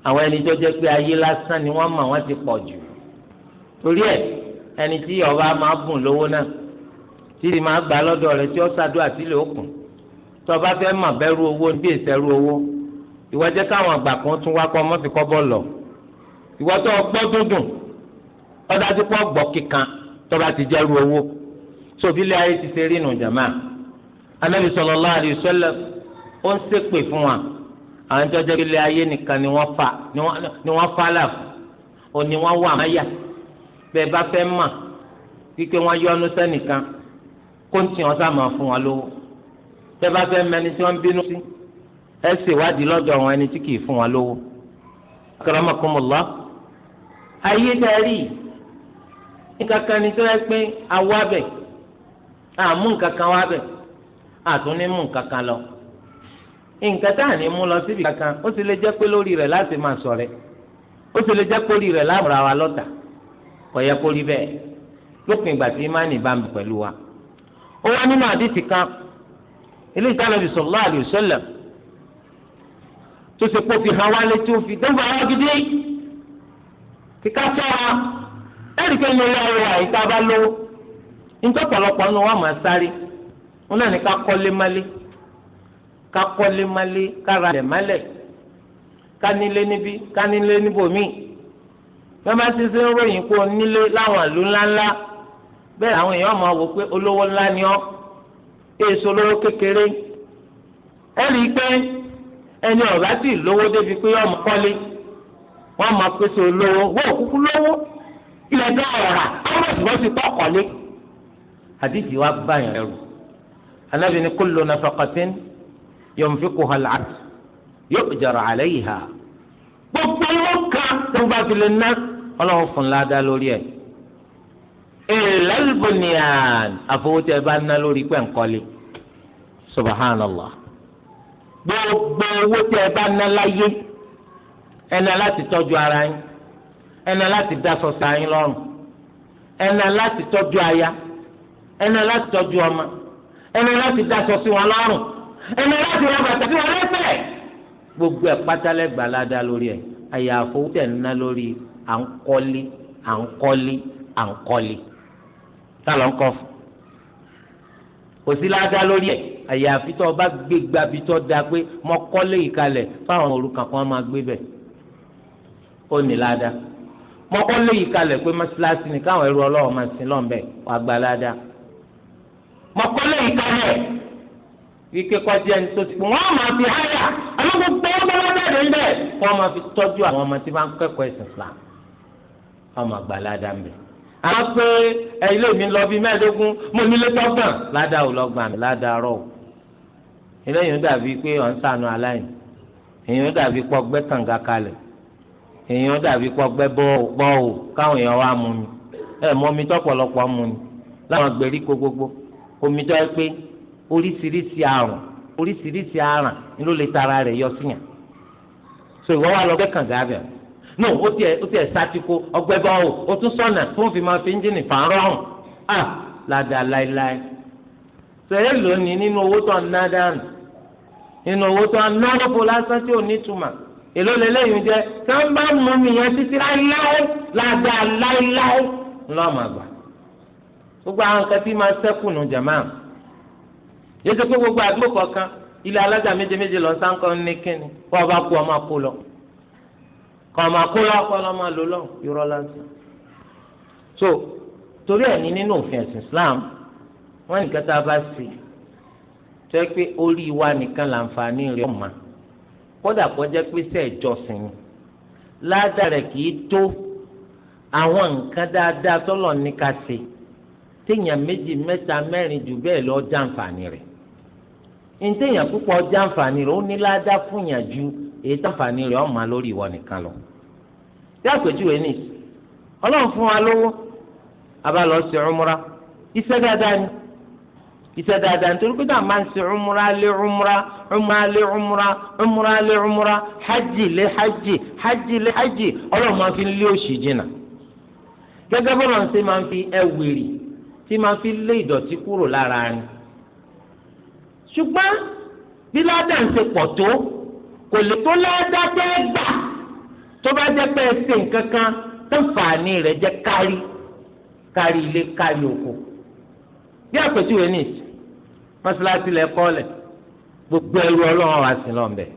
àwọn ẹni tó jẹ́ pé ayé lásán ni wọ́n mọ̀ wọ́n ti pọ̀ jù torí ẹ̀ ẹni tí ọba máa bùn lówó náà tí ìdí máa gbà lọ́dọ̀ rẹ̀ tí ó ṣàdúrà sílẹ̀ òkun tí ọba fẹ́ mọ̀ bẹ́rù owó bí ìṣẹ́rù owó ìwọ jẹ́ káwọn àgbà kan tún wá kọ́ mọ́fi kọ́ bọ́ lọ ìwọ tó gbọ́ dúndùn ọdájú pọ̀ gbọ́ kíkan tọ́ba ti jẹ́rù owó sóbílẹ̀ ayé ti ṣe rí nù jàmá anábì sallallahu alaihi wasallam ó ń ṣépè fún wa àwọn jọjọ́ ilé ayé nìkan ni wọ́n fa ni wọ́n fa láàfù ó ní wọ́n wà máyà bẹ́ẹ̀ bá fẹ́ mà kíkẹ́ wọn yọ ọ́nú sẹ́nìkan kó ń tì wọn sáà máa fún wọn lówó bẹ́ẹ̀ bá fẹ́ mẹni tí wọ́n ń bínú sí ẹ ṣèwádìí lọ́dọ̀ àwọn ẹni tí kìí fún wọn lówó. akaramakumullah ayé darí nǹkankan ni tó yẹ pé awa bẹ̀ àmú nǹkankan wa bẹ̀ àtúní mú nǹkankan lọ nǹkan tá à ní mú lọ síbi kankan ó sì lè jẹ́ pé lórí rẹ̀ láti máa sọ̀rẹ́ ó sì lè jẹ́ pé lórí rẹ̀ láàmúra wa lọ́tàá kò yẹ kó rí bẹ́ẹ̀ lópin ìgbà tí imáni bá ń bẹ pẹ̀lú wa. ó wá nínú àdìsí kan ilé ìta lọ́bi sallallahu alaihi wasallam tó ṣe pé ó fi hàn wá létí ó fi dẹ́gbà wá gidi kíká sọ́ra ẹ̀rí pé inú ilé ayé àyíká bá lówó nítorí nínú wa máa sáré wọn náà ní ká kọ́lé málé ká kọ́lé málé ká ra lẹ̀ málẹ̀ ká nílé níbí ká nílé níbòmíì bẹ́ẹ̀ máa ti ṣe ń ròyìn pé onílé láwọn ìlú ńláńlá bẹ́ẹ̀ àwọn èèyàn máa wò pé olówó ńlá ni ọ́ èso olówó kékeré ẹ rí i pé ẹni ọ̀gá sì lówó débi pé ọmọ kọ́lé wọ́n máa pèsè olówó wọ́n kúkú lówó ilẹ̀ dá ọ̀rà àwọn ìbọn ti tọ́ kọ́lé àdìsí wa báyọ̀ ẹrù anábì ní kullu nafaqatin yunfiquha al-'abd yu'jaru 'alayha gbogbo owó tó bá fi lè ná ọlọ́run fún ya lórí ẹ̀ àfọwọ́tẹ́ bá ná lórí pẹ̀ǹkọ́lé gbogbo owó ẹ bá ná láyé ẹ láti tọ́jú ara yín ẹ láti daṣọ sa yín lọ́rùn ẹ láti tọ́jú aya ẹ láti tọ́jú ọmọ ẹ láti daṣọ sí wọn lọ́rùn láti bàtà sí wọn gbogbo ẹ̀ ládàá lórí ẹ̀ àyàfó tẹ̀ ná lórí à ń kọ́lé à ń kọ́lé à ń kọ́lé tá ló ń kọ́ fún kò sí ládàá lórí ẹ̀ àyàfi tó o bá gbé gbabi tó da pé mo kọ́lé yìí kalẹ̀ fáwọn òrukàn kan máa gbé bẹ̀ ó ní ládàá mo kọ́lé yìí kalẹ̀ pé mọ́sálásí ni káwọn ẹrú ọlọ́wọ́ máa sin lọ́nbẹ̀ wà gba ládàá mo kọ́lé yìí kalẹ̀ wíkẹ́ kọjá ẹni tó ti pọ̀ wọ́n máa fi háyà àwọn gbogbo ọgbọ́n lọ́dẹ̀ níbẹ̀ wọ́n máa fi tọ́jú àwọn ọmọ tí wọ́n á kẹ́kọ̀ọ́ ẹ̀sìn Islam ọmọ àgbà ládàá mi. a pé ilé mi lọ bíi mẹ́ẹ̀ẹ́dógún mo nílé tọ́gbọ̀n ládàá ò lọ́gbà mi ládàá rọ̀ o. eléyìí ó dàbí pé ọ̀ ń sànù aláìní èyí ó dàbí pọ̀ gbẹ́ kànga kalẹ̀ èyí ó dàbí pọ̀ gbẹ́ bọ́ọ̀ káwọn èèyàn wá mú mi ẹ̀ mọ́ mi tọ́pọ̀lọpọ̀ mú mi láwọn gbèríko gbogbo omi tó yẹ pé oríṣiríṣi àrùn oríṣiríṣi àràn ló lè tara rẹ̀ yọ síyàn so ìwọ wà lọ gbẹ́ kànga bẹ́ẹ̀ no ó tiẹ̀ ó tiẹ̀ sátìkó ọgbẹ́ bá o ó tún sọ̀nà fi máa fi ẹ́ńjìnì fà ń à ah, ládàá láéláé sẹ́yìn lónìí nínú owó tó ná dànù nínú owó tó ná lọ́pọ̀ lásán tí ò ní túmọ̀ èló lélẹ́yìn jẹ́ wọ́n bá mú mi yẹn gbogbo àwọn kan tí máa sẹ́kù nù jàmá gbogbo àdúgbò kọ̀ọ̀kan ilé lọ. kọ̀ọ̀mà kó lọ́kọ́ lọ́ máa lò lọ́ irọ́ lásán. so torí ẹ̀ ní nínú òfin ẹ̀sìn Islam wọ́n nìkan tá a bá sì tó yẹ pé orí wa nìkan làǹfààní rẹ̀ ọ̀ma kódà kó jẹ́ pé sẹ́ẹ̀jọsìn ládàrẹ̀ kì í tó àwọn nǹkan dáadáa tọ́lọ̀ ní ká ṣe téèyàn méjì mẹ́ta mẹ́rin jù bẹ́ẹ̀ lọ jàǹfààní rẹ̀ ntẹ̀yàn púpọ̀ jàǹfààní rẹ̀ ó ní ládàá fún yàn ju èyí tàǹfààní rẹ̀ ọ̀ma lórí ìwọ nìkan lọ. tí àpèjúwe ní ọlọ́run fún wa lówó abá sí ọmúra iṣẹ́ dáadáa ni iṣẹ́ dáadáa nítorí pé dáa máa ń ṣe ọmúra lé ọmúra ọmúra lé ọmúra ọmúra lé ọmúra hajj lé hajj hajj lé hajj ọlọ́run máa fi lé òṣì jìnnà gẹ́gẹ́ bọ́lá ń ṣe máa fi tí máa fi lé kò lè tó ládá tẹ́ gbà tó bá jẹ́ pé ẹsẹ̀ nǹkan kan tẹ́ǹfààní rẹ̀ jẹ́ kárí kárí ilé kárí oko. bí àpèjúwe ní ìsìn mọ́ṣáláṣí lẹ kọ́ lẹ̀ gbogbo ẹrú ọlọ́run wá sí lọ́nbẹ̀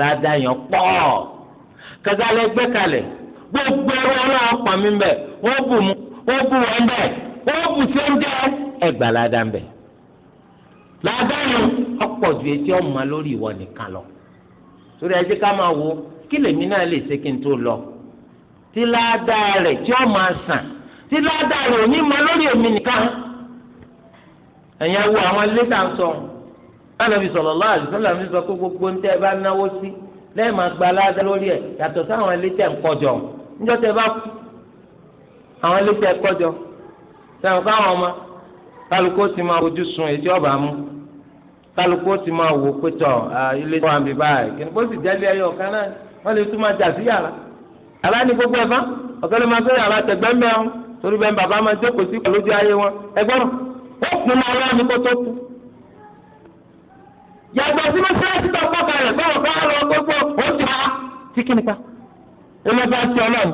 ládá yẹn pọ̀ kẹta lẹ gbé kalẹ̀ gbogbo ẹrú ọlọ́run pọ̀ mí bẹ̀ wọ́n bù mú wọ́n bù wọ́n bẹ̀ wọ́n bù sí ẹgbà ládá bẹ̀ ládá yẹn ọ̀pọ̀ ju etí ọ̀ma torí ẹ jẹ́ ká máa wo kí lèmi náà lè ṣe kí n tó lọ tí ládàá rẹ̀ tí ó máa sàn tí ládàá rẹ̀ ò ní mọ lórí èmi nìkan ẹ̀yin wo àwọn lẹ́tà ń sọ Ànábì sallallahu alaihi wasallam mi sọ pé gbogbo ń tẹ́ ẹ bá náwó sí lẹ́yìn máa gba ládàá lórí ẹ̀ yàtọ̀ sáwọn lẹ́tà ń kọjọ níjọ́ tẹ́ bá kú àwọn lẹ́tà ẹ̀ kọjọ sẹ́wọ̀n káwọn ọmọ kálukó ti máa ojú sun èdè ọ̀bà mú kálukú ti máa wò pé tọ ilé tó wà ń bí báyìí kí ni kó sì jẹ́lé ẹyọ kan náà wọ́n lè tún máa jà sí yàrá yàrá ni gbogbo ẹ̀fá ọ̀kẹ́lẹ́ máa fẹ́ yàrá tẹ̀gbẹ́ mẹ́rin torí bẹ́ẹ̀ bàbá máa jókòó sí lójú ayé wọn ẹgbọ́n ó kún máa wá ní kó tó kú. yàgbọ́ sí mo fẹ́ẹ́ títọ́ pọ́kà rẹ̀ báwo bá lọ gbogbo ó ti kí nípa ẹ lọ́ bá ti ọlọ́run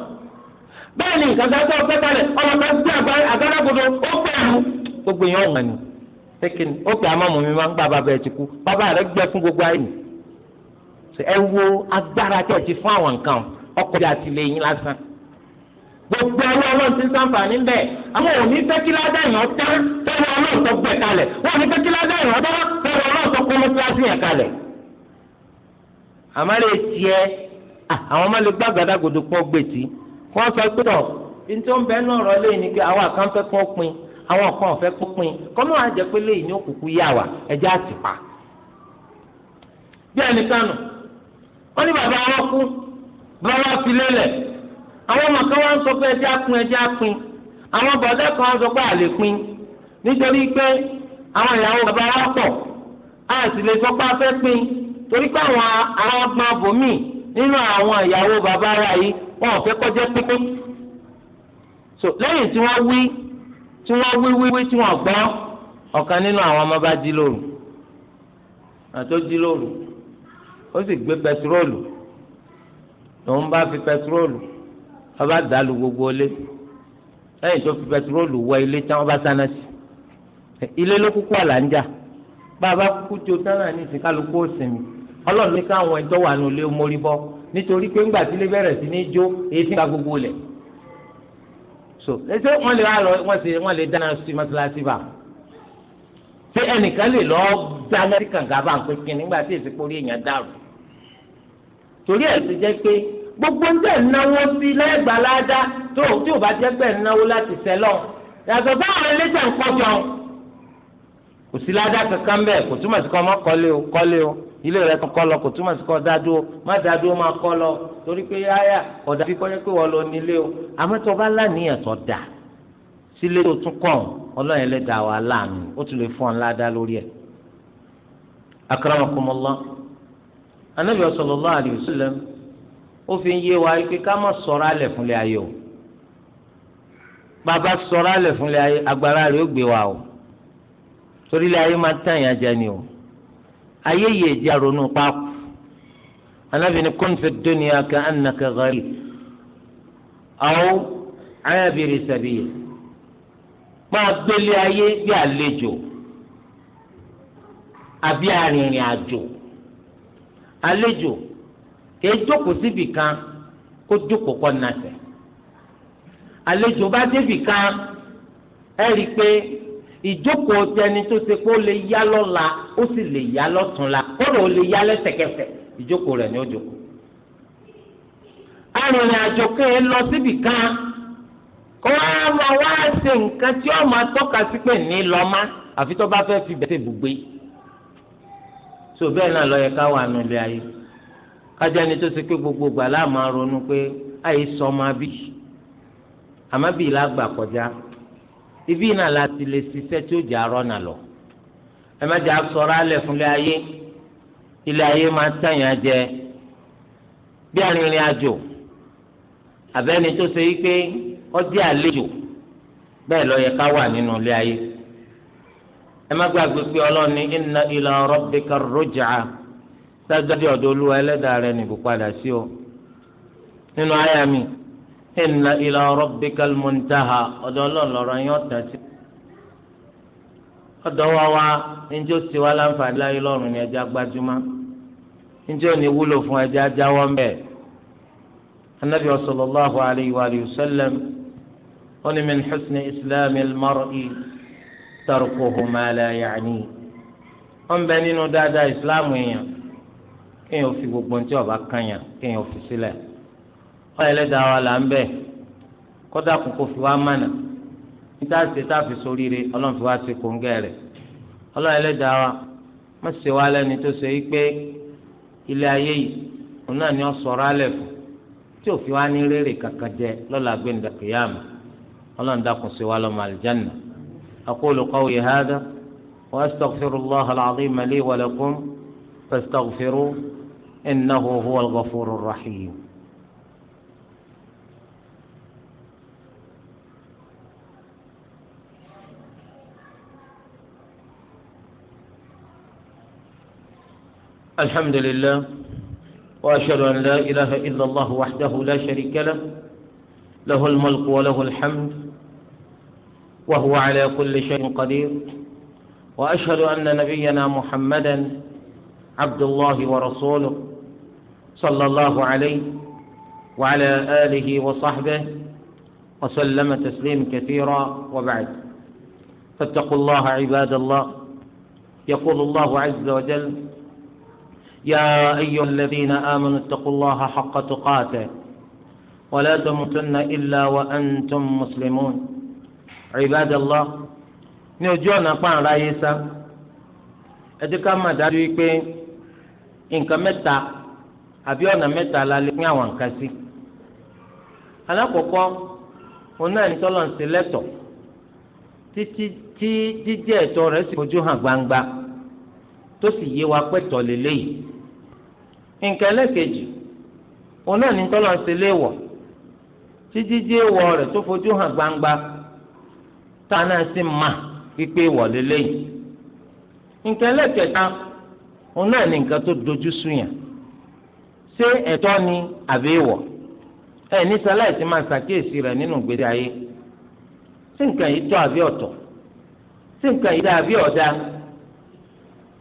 bẹ́ẹ̀ ni ìkàgbá tó ọ̀pẹ́ kalẹ̀ ọmọ pékin ó pè amámu mi máa ń gbà bàbá ẹ ti kú bàbá rẹ gbẹ fún gbogbo ayé ni ẹ wo agbára tẹ ti fún àwọn nǹkan ọkọ ìjà ti lè yín lásán gbogbo ayé ọlọ́run ti ń sàǹfààní bẹ́ẹ̀ àwọn òní fẹ́ kí ládà yàn tán fẹ́rẹ̀ ọlọ́run tó gbẹ kalẹ̀ wọ́n ní fẹ́ kí ládà yàn tán fẹ́rẹ̀ ọlọ́run tó kọ́mọ́ kíláàsì yàn kalẹ̀. àmàlẹ́ tiẹ̀ àwọn ọmọ lè gbá gbàdàgodo pọ̀ gbèsè wọ́n sọ pé tọ̀ ní ń bẹ́ẹ̀ náà rọ lẹ́yìn ni pé àwọn àkànfẹ́ kan pin àwọn kan ọ̀fẹ́ pínpín kọ́mọ́ àjẹ pé lẹ́yìn ní òkùnkùn yá wá ẹja àti pa. bí ẹnìkan nù wọ́n ní bàbá wọn kú bàbá fi lélẹ̀ àwọn ọmọ kan wá ń sọ pé ẹja pin ẹja pin àwọn bọ̀dẹ́ kan sọ pé àlè pin nítorí pé àwọn ìyàwó bàbá wọn pọ̀ a sì lè sọ pé a fẹ́ pin torí pé àwọn aráàgbọ̀n bòmíì nínú àwọn ìyàwó bàbá wa yìí wọn ò fẹ́ kọjá pínpín. so lẹ́yìn tí wọ́n wí tí wọ́n wí wí wí tí wọ́n gbọ́ ọ̀kan nínú àwọn ọmọ bá jí lóru àtó jí lóru ó sì gbé pẹtiróòlù lòun bá fi pẹtiróòlù wọ́n bá dàlù gbogbo ilé lẹ́yìn tó fi pẹtiróòlù wọ ilé tí wọ́n bá sáná sí ilé ló kúkú àlàńjà bàbá kúkú tó sáná ní ìsìn òsìnmi ọlọ́run ní káwọn ẹjọ́ wà nù lé bọ́ nítorí pé ńgbà tí ilé bẹ̀rẹ̀ sí ní jó èéfín ká gbogbo lẹ̀ so ṣé wọ́n lè wá lọ wọ́n ṣe wọ́n lè dáná sí mọ́ṣáláṣí bá ṣé ẹnìkan lè lọ dáná sí kàǹgá bá ń pè kí nígbà tí èsì pórí èèyàn dàrú torí ẹ̀ ti jẹ́ pé gbogbo ń tẹ̀ náwó sí lẹ́gbàládá tó tí ò bá jẹ́ pé náwó láti sẹ́lọ̀ yàtọ̀ báwọn eléjà ń pọ̀ kò sí ládàá kankan bẹ́ẹ̀ kò túmọ̀ sí kọ́ ọmọ kọ́lé o kọ́lé o ilé rẹ kọ́ lọ kò túmọ̀ sí kọ́ dádúró má dádúró má kọ́ lọ torí pé yáyà ọ̀dà fi kọ́ yẹ pé wọ́n lọ nílé o àmọ́ tó bá lánìyàn tó dà sílé tó tún kàn ọlọ́run ẹlẹ́dàá wa láàánú ó tún lè fún ọ ládàá lórí ẹ̀. akramakumullah anabi sallallahu alaihi wasallam ó fi ń yé wa pé ká má sọ̀rọ̀ alẹ̀ fúnlẹ̀ ayé o bàbá sọ̀rọ̀ alẹ̀ fúnlẹ̀ ayé agbára rẹ̀ ó gbé wa o torí ilé ayé máa tàn yàn jẹ ni o ayé yìí èjì àrònú pákó Ànábì ní kun fi dunya ka annaka gharib aw abiri sabil máa gbélé ayé bí àlejò àbí arìnrìn àjò àlejò kìí jókòó síbì kan kó jókòó kọ́ nàṣẹ àlejò bá débì kan ẹ pé. ìjókòó ti ẹni tó ṣe le lè yá lọ́la ó sì lè yá lọ́túnla kódà ó lè yá lẹ́sẹ̀kẹsẹ̀ ìjókòó rẹ̀ ni ó jókòó. arìnrìn àjò kéè lọ síbì kan kó wá wá ṣe nǹkan tí ó máa tọ́ka sí pé ní àfi tó bá fẹ́ fi bẹ̀rẹ̀ bùgbé. so bẹ́ẹ̀ náà lọ yẹ ká wà nù ilé ayé gbogbo pé àyè sọ àmọ́ bí ìlà àgbà ibi náà láti lè ṣiṣẹ́ tí ó jẹ́ arọ́ náà lọ. ẹ má jẹ́ asọ̀rọ̀ alẹ̀ fúnlẹ̀ ayé ilé ayé máa tẹ̀yìn ajẹ́ bí arìnrìn àjò àbẹ́ni tó ṣe wípé ọdí àlejò bẹ́ẹ̀ lọ yẹ ká wà nínú ilé ayé. ẹ má gbàgbé pé ọlọ́run ní inna ila rabbika ruj'a sáájú ọ̀dọ̀ olúwa ẹlẹ́dàá rẹ̀ nìbò padà sí ọ nínú àyà inna ila rabbikal muntaha ọ̀dọ̀ Ọlọ́run lọ̀rọ̀ yín ọtàn sí. ọ̀dọ̀ wa wa njẹ o ti wa láǹfààní láyé lọ́rùn ni ẹja gbajúmọ̀ njẹ o ní wúlò fún ẹja jáwọ́ mbẹ. anabi sallallahu alayhi wa sallam ó ní min islami almar'i tarkuhu ma la wọn bẹ nínú dáadáa ìsìláàmù èèyàn kéèyàn fi gbogbo ntí ọba kàn yàn kéèyàn fi sílẹ̀ wọn ẹlẹ́dàá wa là ń bẹ̀ kódà kókó fi wá mànà níta ṣe tá a fi soríire ọlọ́run fi wá ṣe kóńgẹ́ rẹ̀ ọlọ́run ẹlẹ́dàá wa má ṣe wá lẹ́ni tó ṣe pé ilé ayé yìí òun náà ni ó sọ̀rọ̀ alẹ́ fún tí òfin wa ní rere kankan jẹ lọ́la gbẹ̀ndà ọlọ́run dàkún ṣe wá lọ́mọ àlìjánà aqulu qawli hadha wa astaghfirullaha al-azima li wa lakum fastaghfiruhu innahu huwal ghafurur rahim. الحمد لله وأشهد أن لا إله إلا الله وحده لا شريك له له الملك وله الحمد وهو على كل شيء قدير وأشهد أن نبينا محمدا عبد الله ورسوله صلى الله عليه وعلى آله وصحبه وسلم تسليم كثيرا وبعد فاتقوا الله عباد الله يقول الله عز وجل يا أيها الذين آمنوا اتقوا الله حق تقاته ولا تموتن إلا وأنتم مسلمون عباد الله نرجونا قان رئيسا أدك ما داري بين إنك متى أبيونا متى لا لقنا وانكسي أنا كوكو هنا نتولن سيلتو تي تي تي تي rẹ̀ sì fojú hàn gbangba tó sì yé wa pẹ́tọ́ lélẹ́yìí nǹkan ẹlẹ́kejì òun náà ní tọ́lọ̀ ṣe léèwọ̀ títí dé rẹ̀ tó fojú hàn gbangba tá a náà sì mà pípé ìwọ̀lé lẹ́yìn nǹkan ẹlẹ́kẹta òun náà dojú sùnyàn ṣé ẹ̀tọ́ ni àbí èèwọ̀ ẹ̀ ní sáláì máa ṣàkíyèsí nínú ìgbésí ayé nǹkan yìí tọ́ àbí ọ̀tọ̀ nǹkan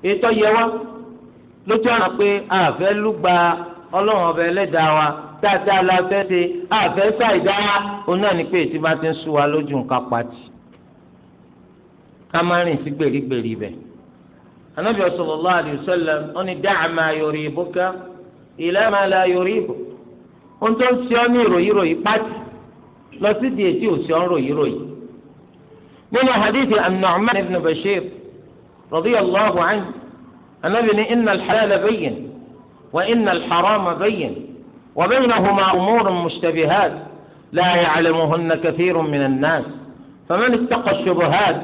yìí lójú ọ̀nà pé àfẹ́ lùgbà ọlọ́run ọba ẹlẹ́dàá wa dáadáa la fẹ́ ṣe àfẹ́ ṣàìdá òun náà ni pé ètí bá ti ń sú wa lójú nǹkan pàtì ká má rìn sí gbèrígbèrí bẹ̀. anábì sallallahu alayhi ila ma la yuribuk tó ń ṣe ọ́ ní ìròyìnròyìn pàtì lọ sí di òsì ọ́ ròyìnròyìn. nínú النبي ní إن الحلال بين وإن الحرام بين وبينهما أمور مشتبهات لا يعلمهن كثير من الناس فمن اتقى الشبهات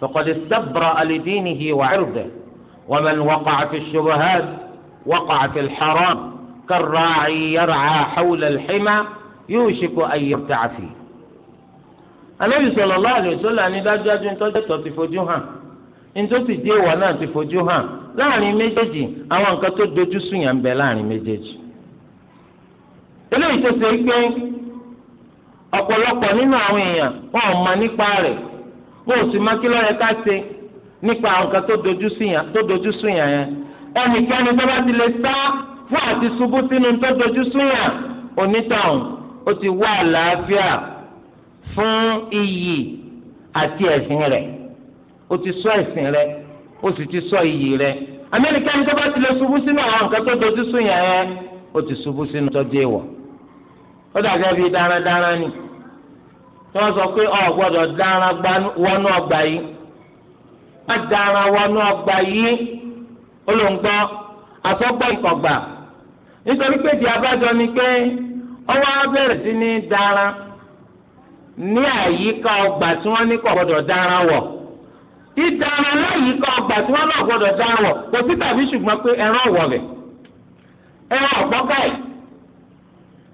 فقد استبرأ لدينه وعرضه ومن وقع في الشبهات وقع في الحرام كالراعي يرعى حول الحمى يوشك أن يرتع فيه النبي صلى الله عليه وسلم أن إذا ní أن تجد تفوجها إن تجد ديوانا تفوجها láàrin méjèèjì àwọn nǹkan tó dojú sùn yàn ń bẹ láàrin méjèèjì eléyìí tó ṣe é pé ọ̀pọ̀lọpọ̀ nínú àwọn èèyàn wọn ò mọ nípa rẹ̀ wọn ò sì mọ kí lọ́yẹ ká ṣe nípa àwọn nǹkan tó dojú sùn yàn yẹn ẹnikẹ́ni tó bá ti lè sá fún àti ṣubú sínú tó dojú sùn yàn onítọ̀hún ó ti wá àlàáfíà fún iyì àti ẹ̀sìn rẹ̀ ó ti sọ ẹ̀sìn rẹ̀ ó sì ti sọ iyì rẹ̀ amẹ́ríkà ní tọ́ba ti lè ṣubú sínú àwọn nǹkan tó dojú sùn yẹn ẹ́ ó ti ṣubú sínú tọ́jú ìwọ̀ ó bíi dáradára ni tí wọ́n sọ pé ọ̀ gbọ́dọ̀ dára wọnú ọgbà yìí má dára wọnú ọgbà yìí ó ló ń gbọ́ àtọ́gbọ́ ìkọ̀gbà nítorí pé di abájọ ni pé ọwọ́ bẹ̀rẹ̀ sí ní dára ní àyíká ọgbà tí wọ́n ní gbọ́dọ̀ ìdára láyìí kan ọgbà tí wọ́n náà gbọ́dọ̀ dá wọ̀ kò sí tàbí pé ẹran wọ̀lẹ̀ ẹran ọ̀gbọ́ká ẹ̀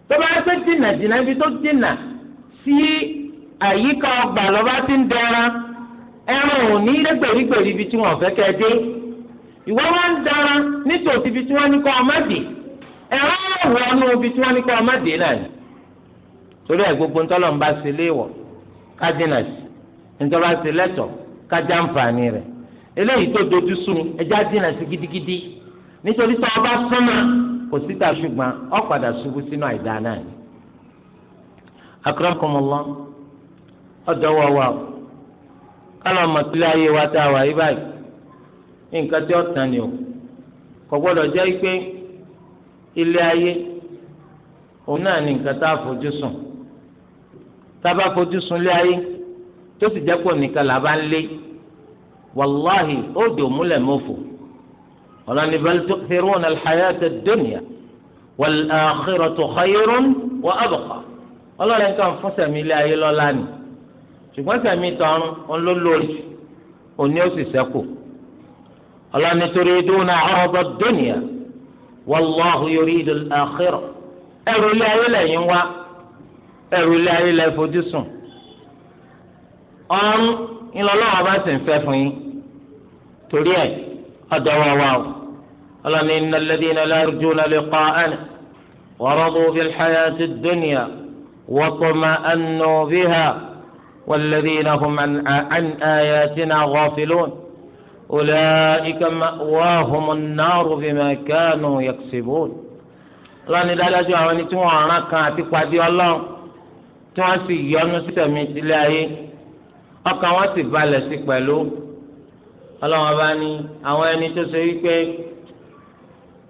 tó bá tó dìnnà dìnnà ibi tó dìnnà sí àyíká ọgbà lọ́ba ti ń ẹran ò ní lẹ́gbẹ̀rígbẹ̀rí ibi tí wọ́n fẹ́ kẹ́ dé ìwọ wọn nítòsí ibi tí ní kọ́ ibi tí ní kọ́ náà kájà nfààní rẹ̀ eléyìí tó dojú sú mi dínà sí gidigidi nítorí tó ọba súnmọ́ kò síta ọ padà ṣubú sínú àìdá náà ni. ọdọ o kálọ mọtìlẹ ayé wa tá a wà yí báyìí nǹkan tí ó tàn o kò gbọ́dọ̀ jẹ́ pé ilé ayé òun náà ní nǹkan tá a fojú sùn tá a bá fojú wàláhì ó di òmùlẹ̀ mọ́fò ọlọ́ni bal tu'thiruna al-hayata ad-dunya wal-akhiratu khayrun wa abqa ọlọ́ni kan fún sẹ̀mí ilé ayé lọ́la ni ṣùgbọ́n sẹ̀mí tọrún òun ló lórí òní ó sì sẹ́kù ọlọ́ni turiduna 'arada ad-dunya wallahu yuridu al-akhirah ẹrù ilé ayé lẹ́yìn wá ẹrù ilé ayé lẹ́ fojú sùn ọ̀run ńlọ́lọ́wọ́ bá sì ń fẹ́ fún yín torí ẹ̀ ọ̀dọ̀ wa wà o ọlọ́ni iná lẹ́dínà lárújú náà lè kọ́ ẹ̀ wọ́rọ́dù fi xayà ti dúnìá wọ́tọ́mà ẹnu bí ha wàlẹ́dínà hùmàn àn ayà tìǹà wọ́fìlún أولئك مأواهم النار بما كانوا يكسبون lọ́ni dájú àwọn ẹni tí wọ́n rán kan àti pàdé ọlọ́run tí wọ́n sì yọnu sí tẹ̀mí sílé ayé ọkàn wọn sì balẹ̀ sí pẹ̀lú ọlọ́run ọba ní àwọn ẹni tó ṣe wípé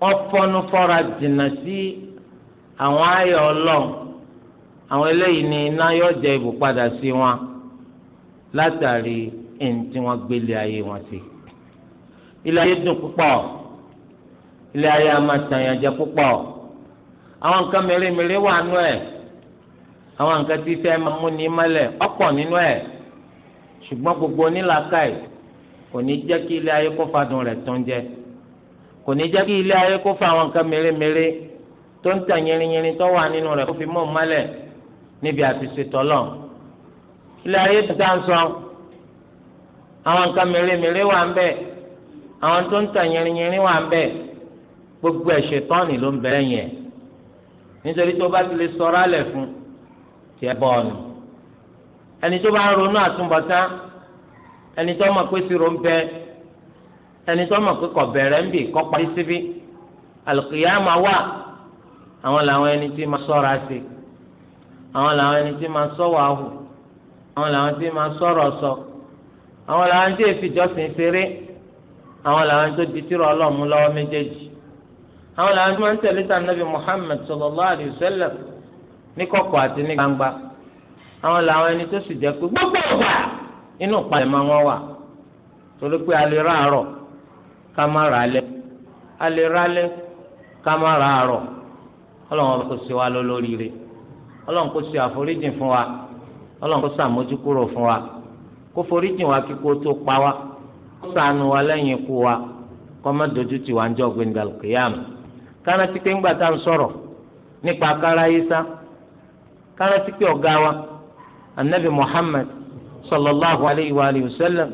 wọ́n fọ́nú fọ́ra jìnnà sí àwọn ayọ̀ ọlọ́run àwọn eléyìí ni iná yóò jẹ ibùpadà sí wọn látàrí ẹni tí wọ́n gbélé ayé wọn sí. ilé ayé dùn púpọ̀ ilé ayé a máa tàyàn jẹ púpọ̀ àwọn nǹkan mèremère wà nú ẹ̀ àwọn nǹkan tí fẹ́ máa mú ní mọ́lẹ̀ ọ̀pọ̀ nínú ẹ̀ ṣùgbọ́n gbogbo onílàákàyè kò ní jẹ́ kí ilé ayé kó fadùn rẹ̀ tó ń kò ní jẹ́ kí ilé ayé kó fa àwọn nǹkan mèremère tó ń tàn yìnrìnyìnrìn tó wà nínú rẹ̀ kó fi mọ́ mọ́lẹ̀ níbi àfisè tọ́lọ̀ ilé ayé tó dá ń sọ àwọn nǹkan mèremère wà ń bẹ àwọn tó ń tàn yìnrìnyìnrìn wà ń bẹ gbogbo ẹ̀ṣẹ̀ tọ́ọ̀nì ló ń bẹ̀rẹ̀ yẹn nítorí tó bá ti lè sọ̀rọ̀ alẹ̀ fún tiẹ̀ bọ́ọ̀nù ẹni tó bá ń ronú àtúbọ̀tán ẹni tó mọ̀ pé sírò ń bẹ ẹni tó mọ̀ pé kọ̀ bẹ̀rẹ̀ ń bì kọ́ parí síbí àlùkìyàmà wà àwọn làwọn ẹni tí máa sọ́ra sí àwọn làwọn ẹni tí máa sọ́wọ́ àhù àwọn làwọn tí máa sọ̀rọ̀ sọ àwọn làwọn tí èfi ṣeré àwọn làwọn tó di tìrọ ọlọ́mú lọ́wọ́ méjèèjì àwọn làwọn tí máa ń tẹ̀lé tàn nàbì Muhammad sallallahu alaihi wasallam ní kọ̀kọ̀ àti ní gbangba àwọn làwọn ẹni tó sì jẹ́ pé gbogbo ọ̀gbà. inú palẹ̀mọ́ wọn wà torí pé a àárọ̀ ká má ra alẹ́ a alẹ́ ká má ra àárọ̀ ọlọ́run kò sí wa lólóríire ọlọ́run kò sí àforíjìn fún wa ọlọ́run kò sàmójúkúrò fún wa kó foríjìn wa kíkó tó pa wa kó ṣàánú wa lẹ́yìn ikú wa kó má dojú muhammad sallallahu alayhi wa alihi wa sallam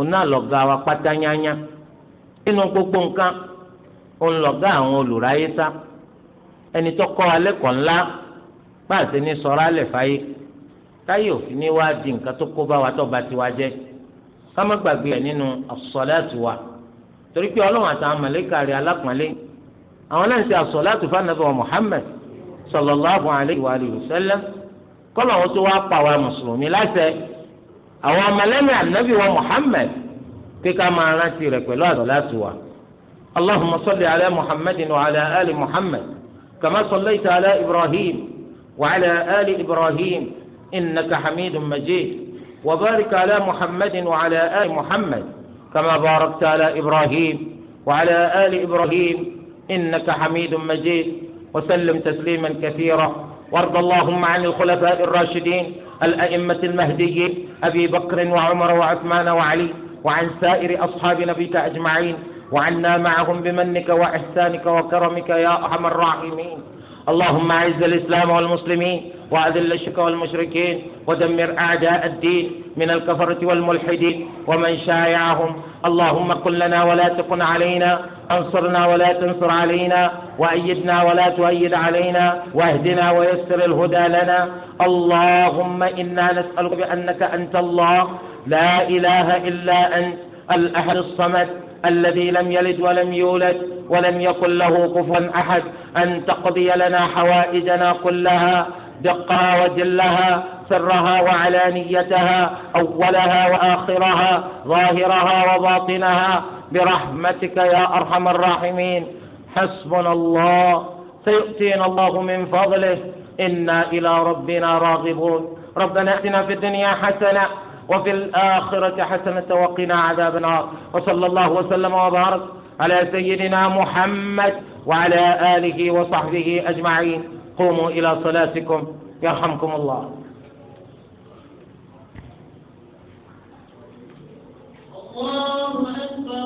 ọ̀nà lọ̀gá wa pátá yányá nínú gbogbo nǹkan òun lọ̀gá àwọn olùráyé sá ẹni tó kọ́ alẹ́ kọ̀ ńlá bá a ṣe ní sọ̀rọ̀ alẹ̀ fáyé táyé òfin ní wá di nǹkan tó kó bá wa tó ba tiwa jẹ́ ká má gbàgbé ẹ̀ nínú as wa torí pé ọlọ́run àtàwọn màlàíkà rẹ̀ alápọ̀nlé àwọn náà ń ṣe as-salatu fanabi wa alayhi wa alihi wa sallam kọ́lọ̀ àwọn ọmọlẹ́yìn ànábì wa muhammed kíkà máa rántí rẹ̀ pẹ̀lú àdọ́látù wa allahumma salli ala muhammadin wa ala ali muhammed kama sallaita ala ibrahim wa ala ali ibrahim innaka hamidu majid wa barik ala muhammadin wa ala ali muhammed kama barakta ala ibrahim wa ala ali ibrahim innaka hamidu majid wa sallim tasliman kathira وارض اللهم عن الخلفاء الراشدين الأئمة المهديين أبي بكر وعمر وعثمان وعلي وعن سائر أصحاب نبيك أجمعين وعنا معهم بمنك وإحسانك وكرمك يا أرحم الراحمين اللهم أعز الإسلام والمسلمين وأذل الشرك والمشركين ودمر أعداء الدين من الكفرة والملحدين ومن شايعهم اللهم قل لنا ولا تقن علينا انصرنا ولا تنصر علينا وأيدنا ولا تؤيد علينا واهدنا ويسر الهدى لنا اللهم إنا نسألك بأنك أنت الله لا إله إلا أنت الأحد الصمد الذي لم يلد ولم يولد ولم يكن له كفوا أحد أن تقضي لنا حوائجنا كلها دقها وجلها سرها وعلانيتها أولها وآخرها ظاهرها وباطنها برحمتك يا أرحم الراحمين حسبنا الله سيؤتينا الله من فضله إنا إلى ربنا راغبون ربنا اتنا في الدنيا حسنة وفي الآخرة حسنة وقنا عذاب النار وصلى الله وسلم وبارك على سيدنا محمد وعلى آله وصحبه أجمعين قوموا إلى صلاتكم يرحمكم الله الله أكبر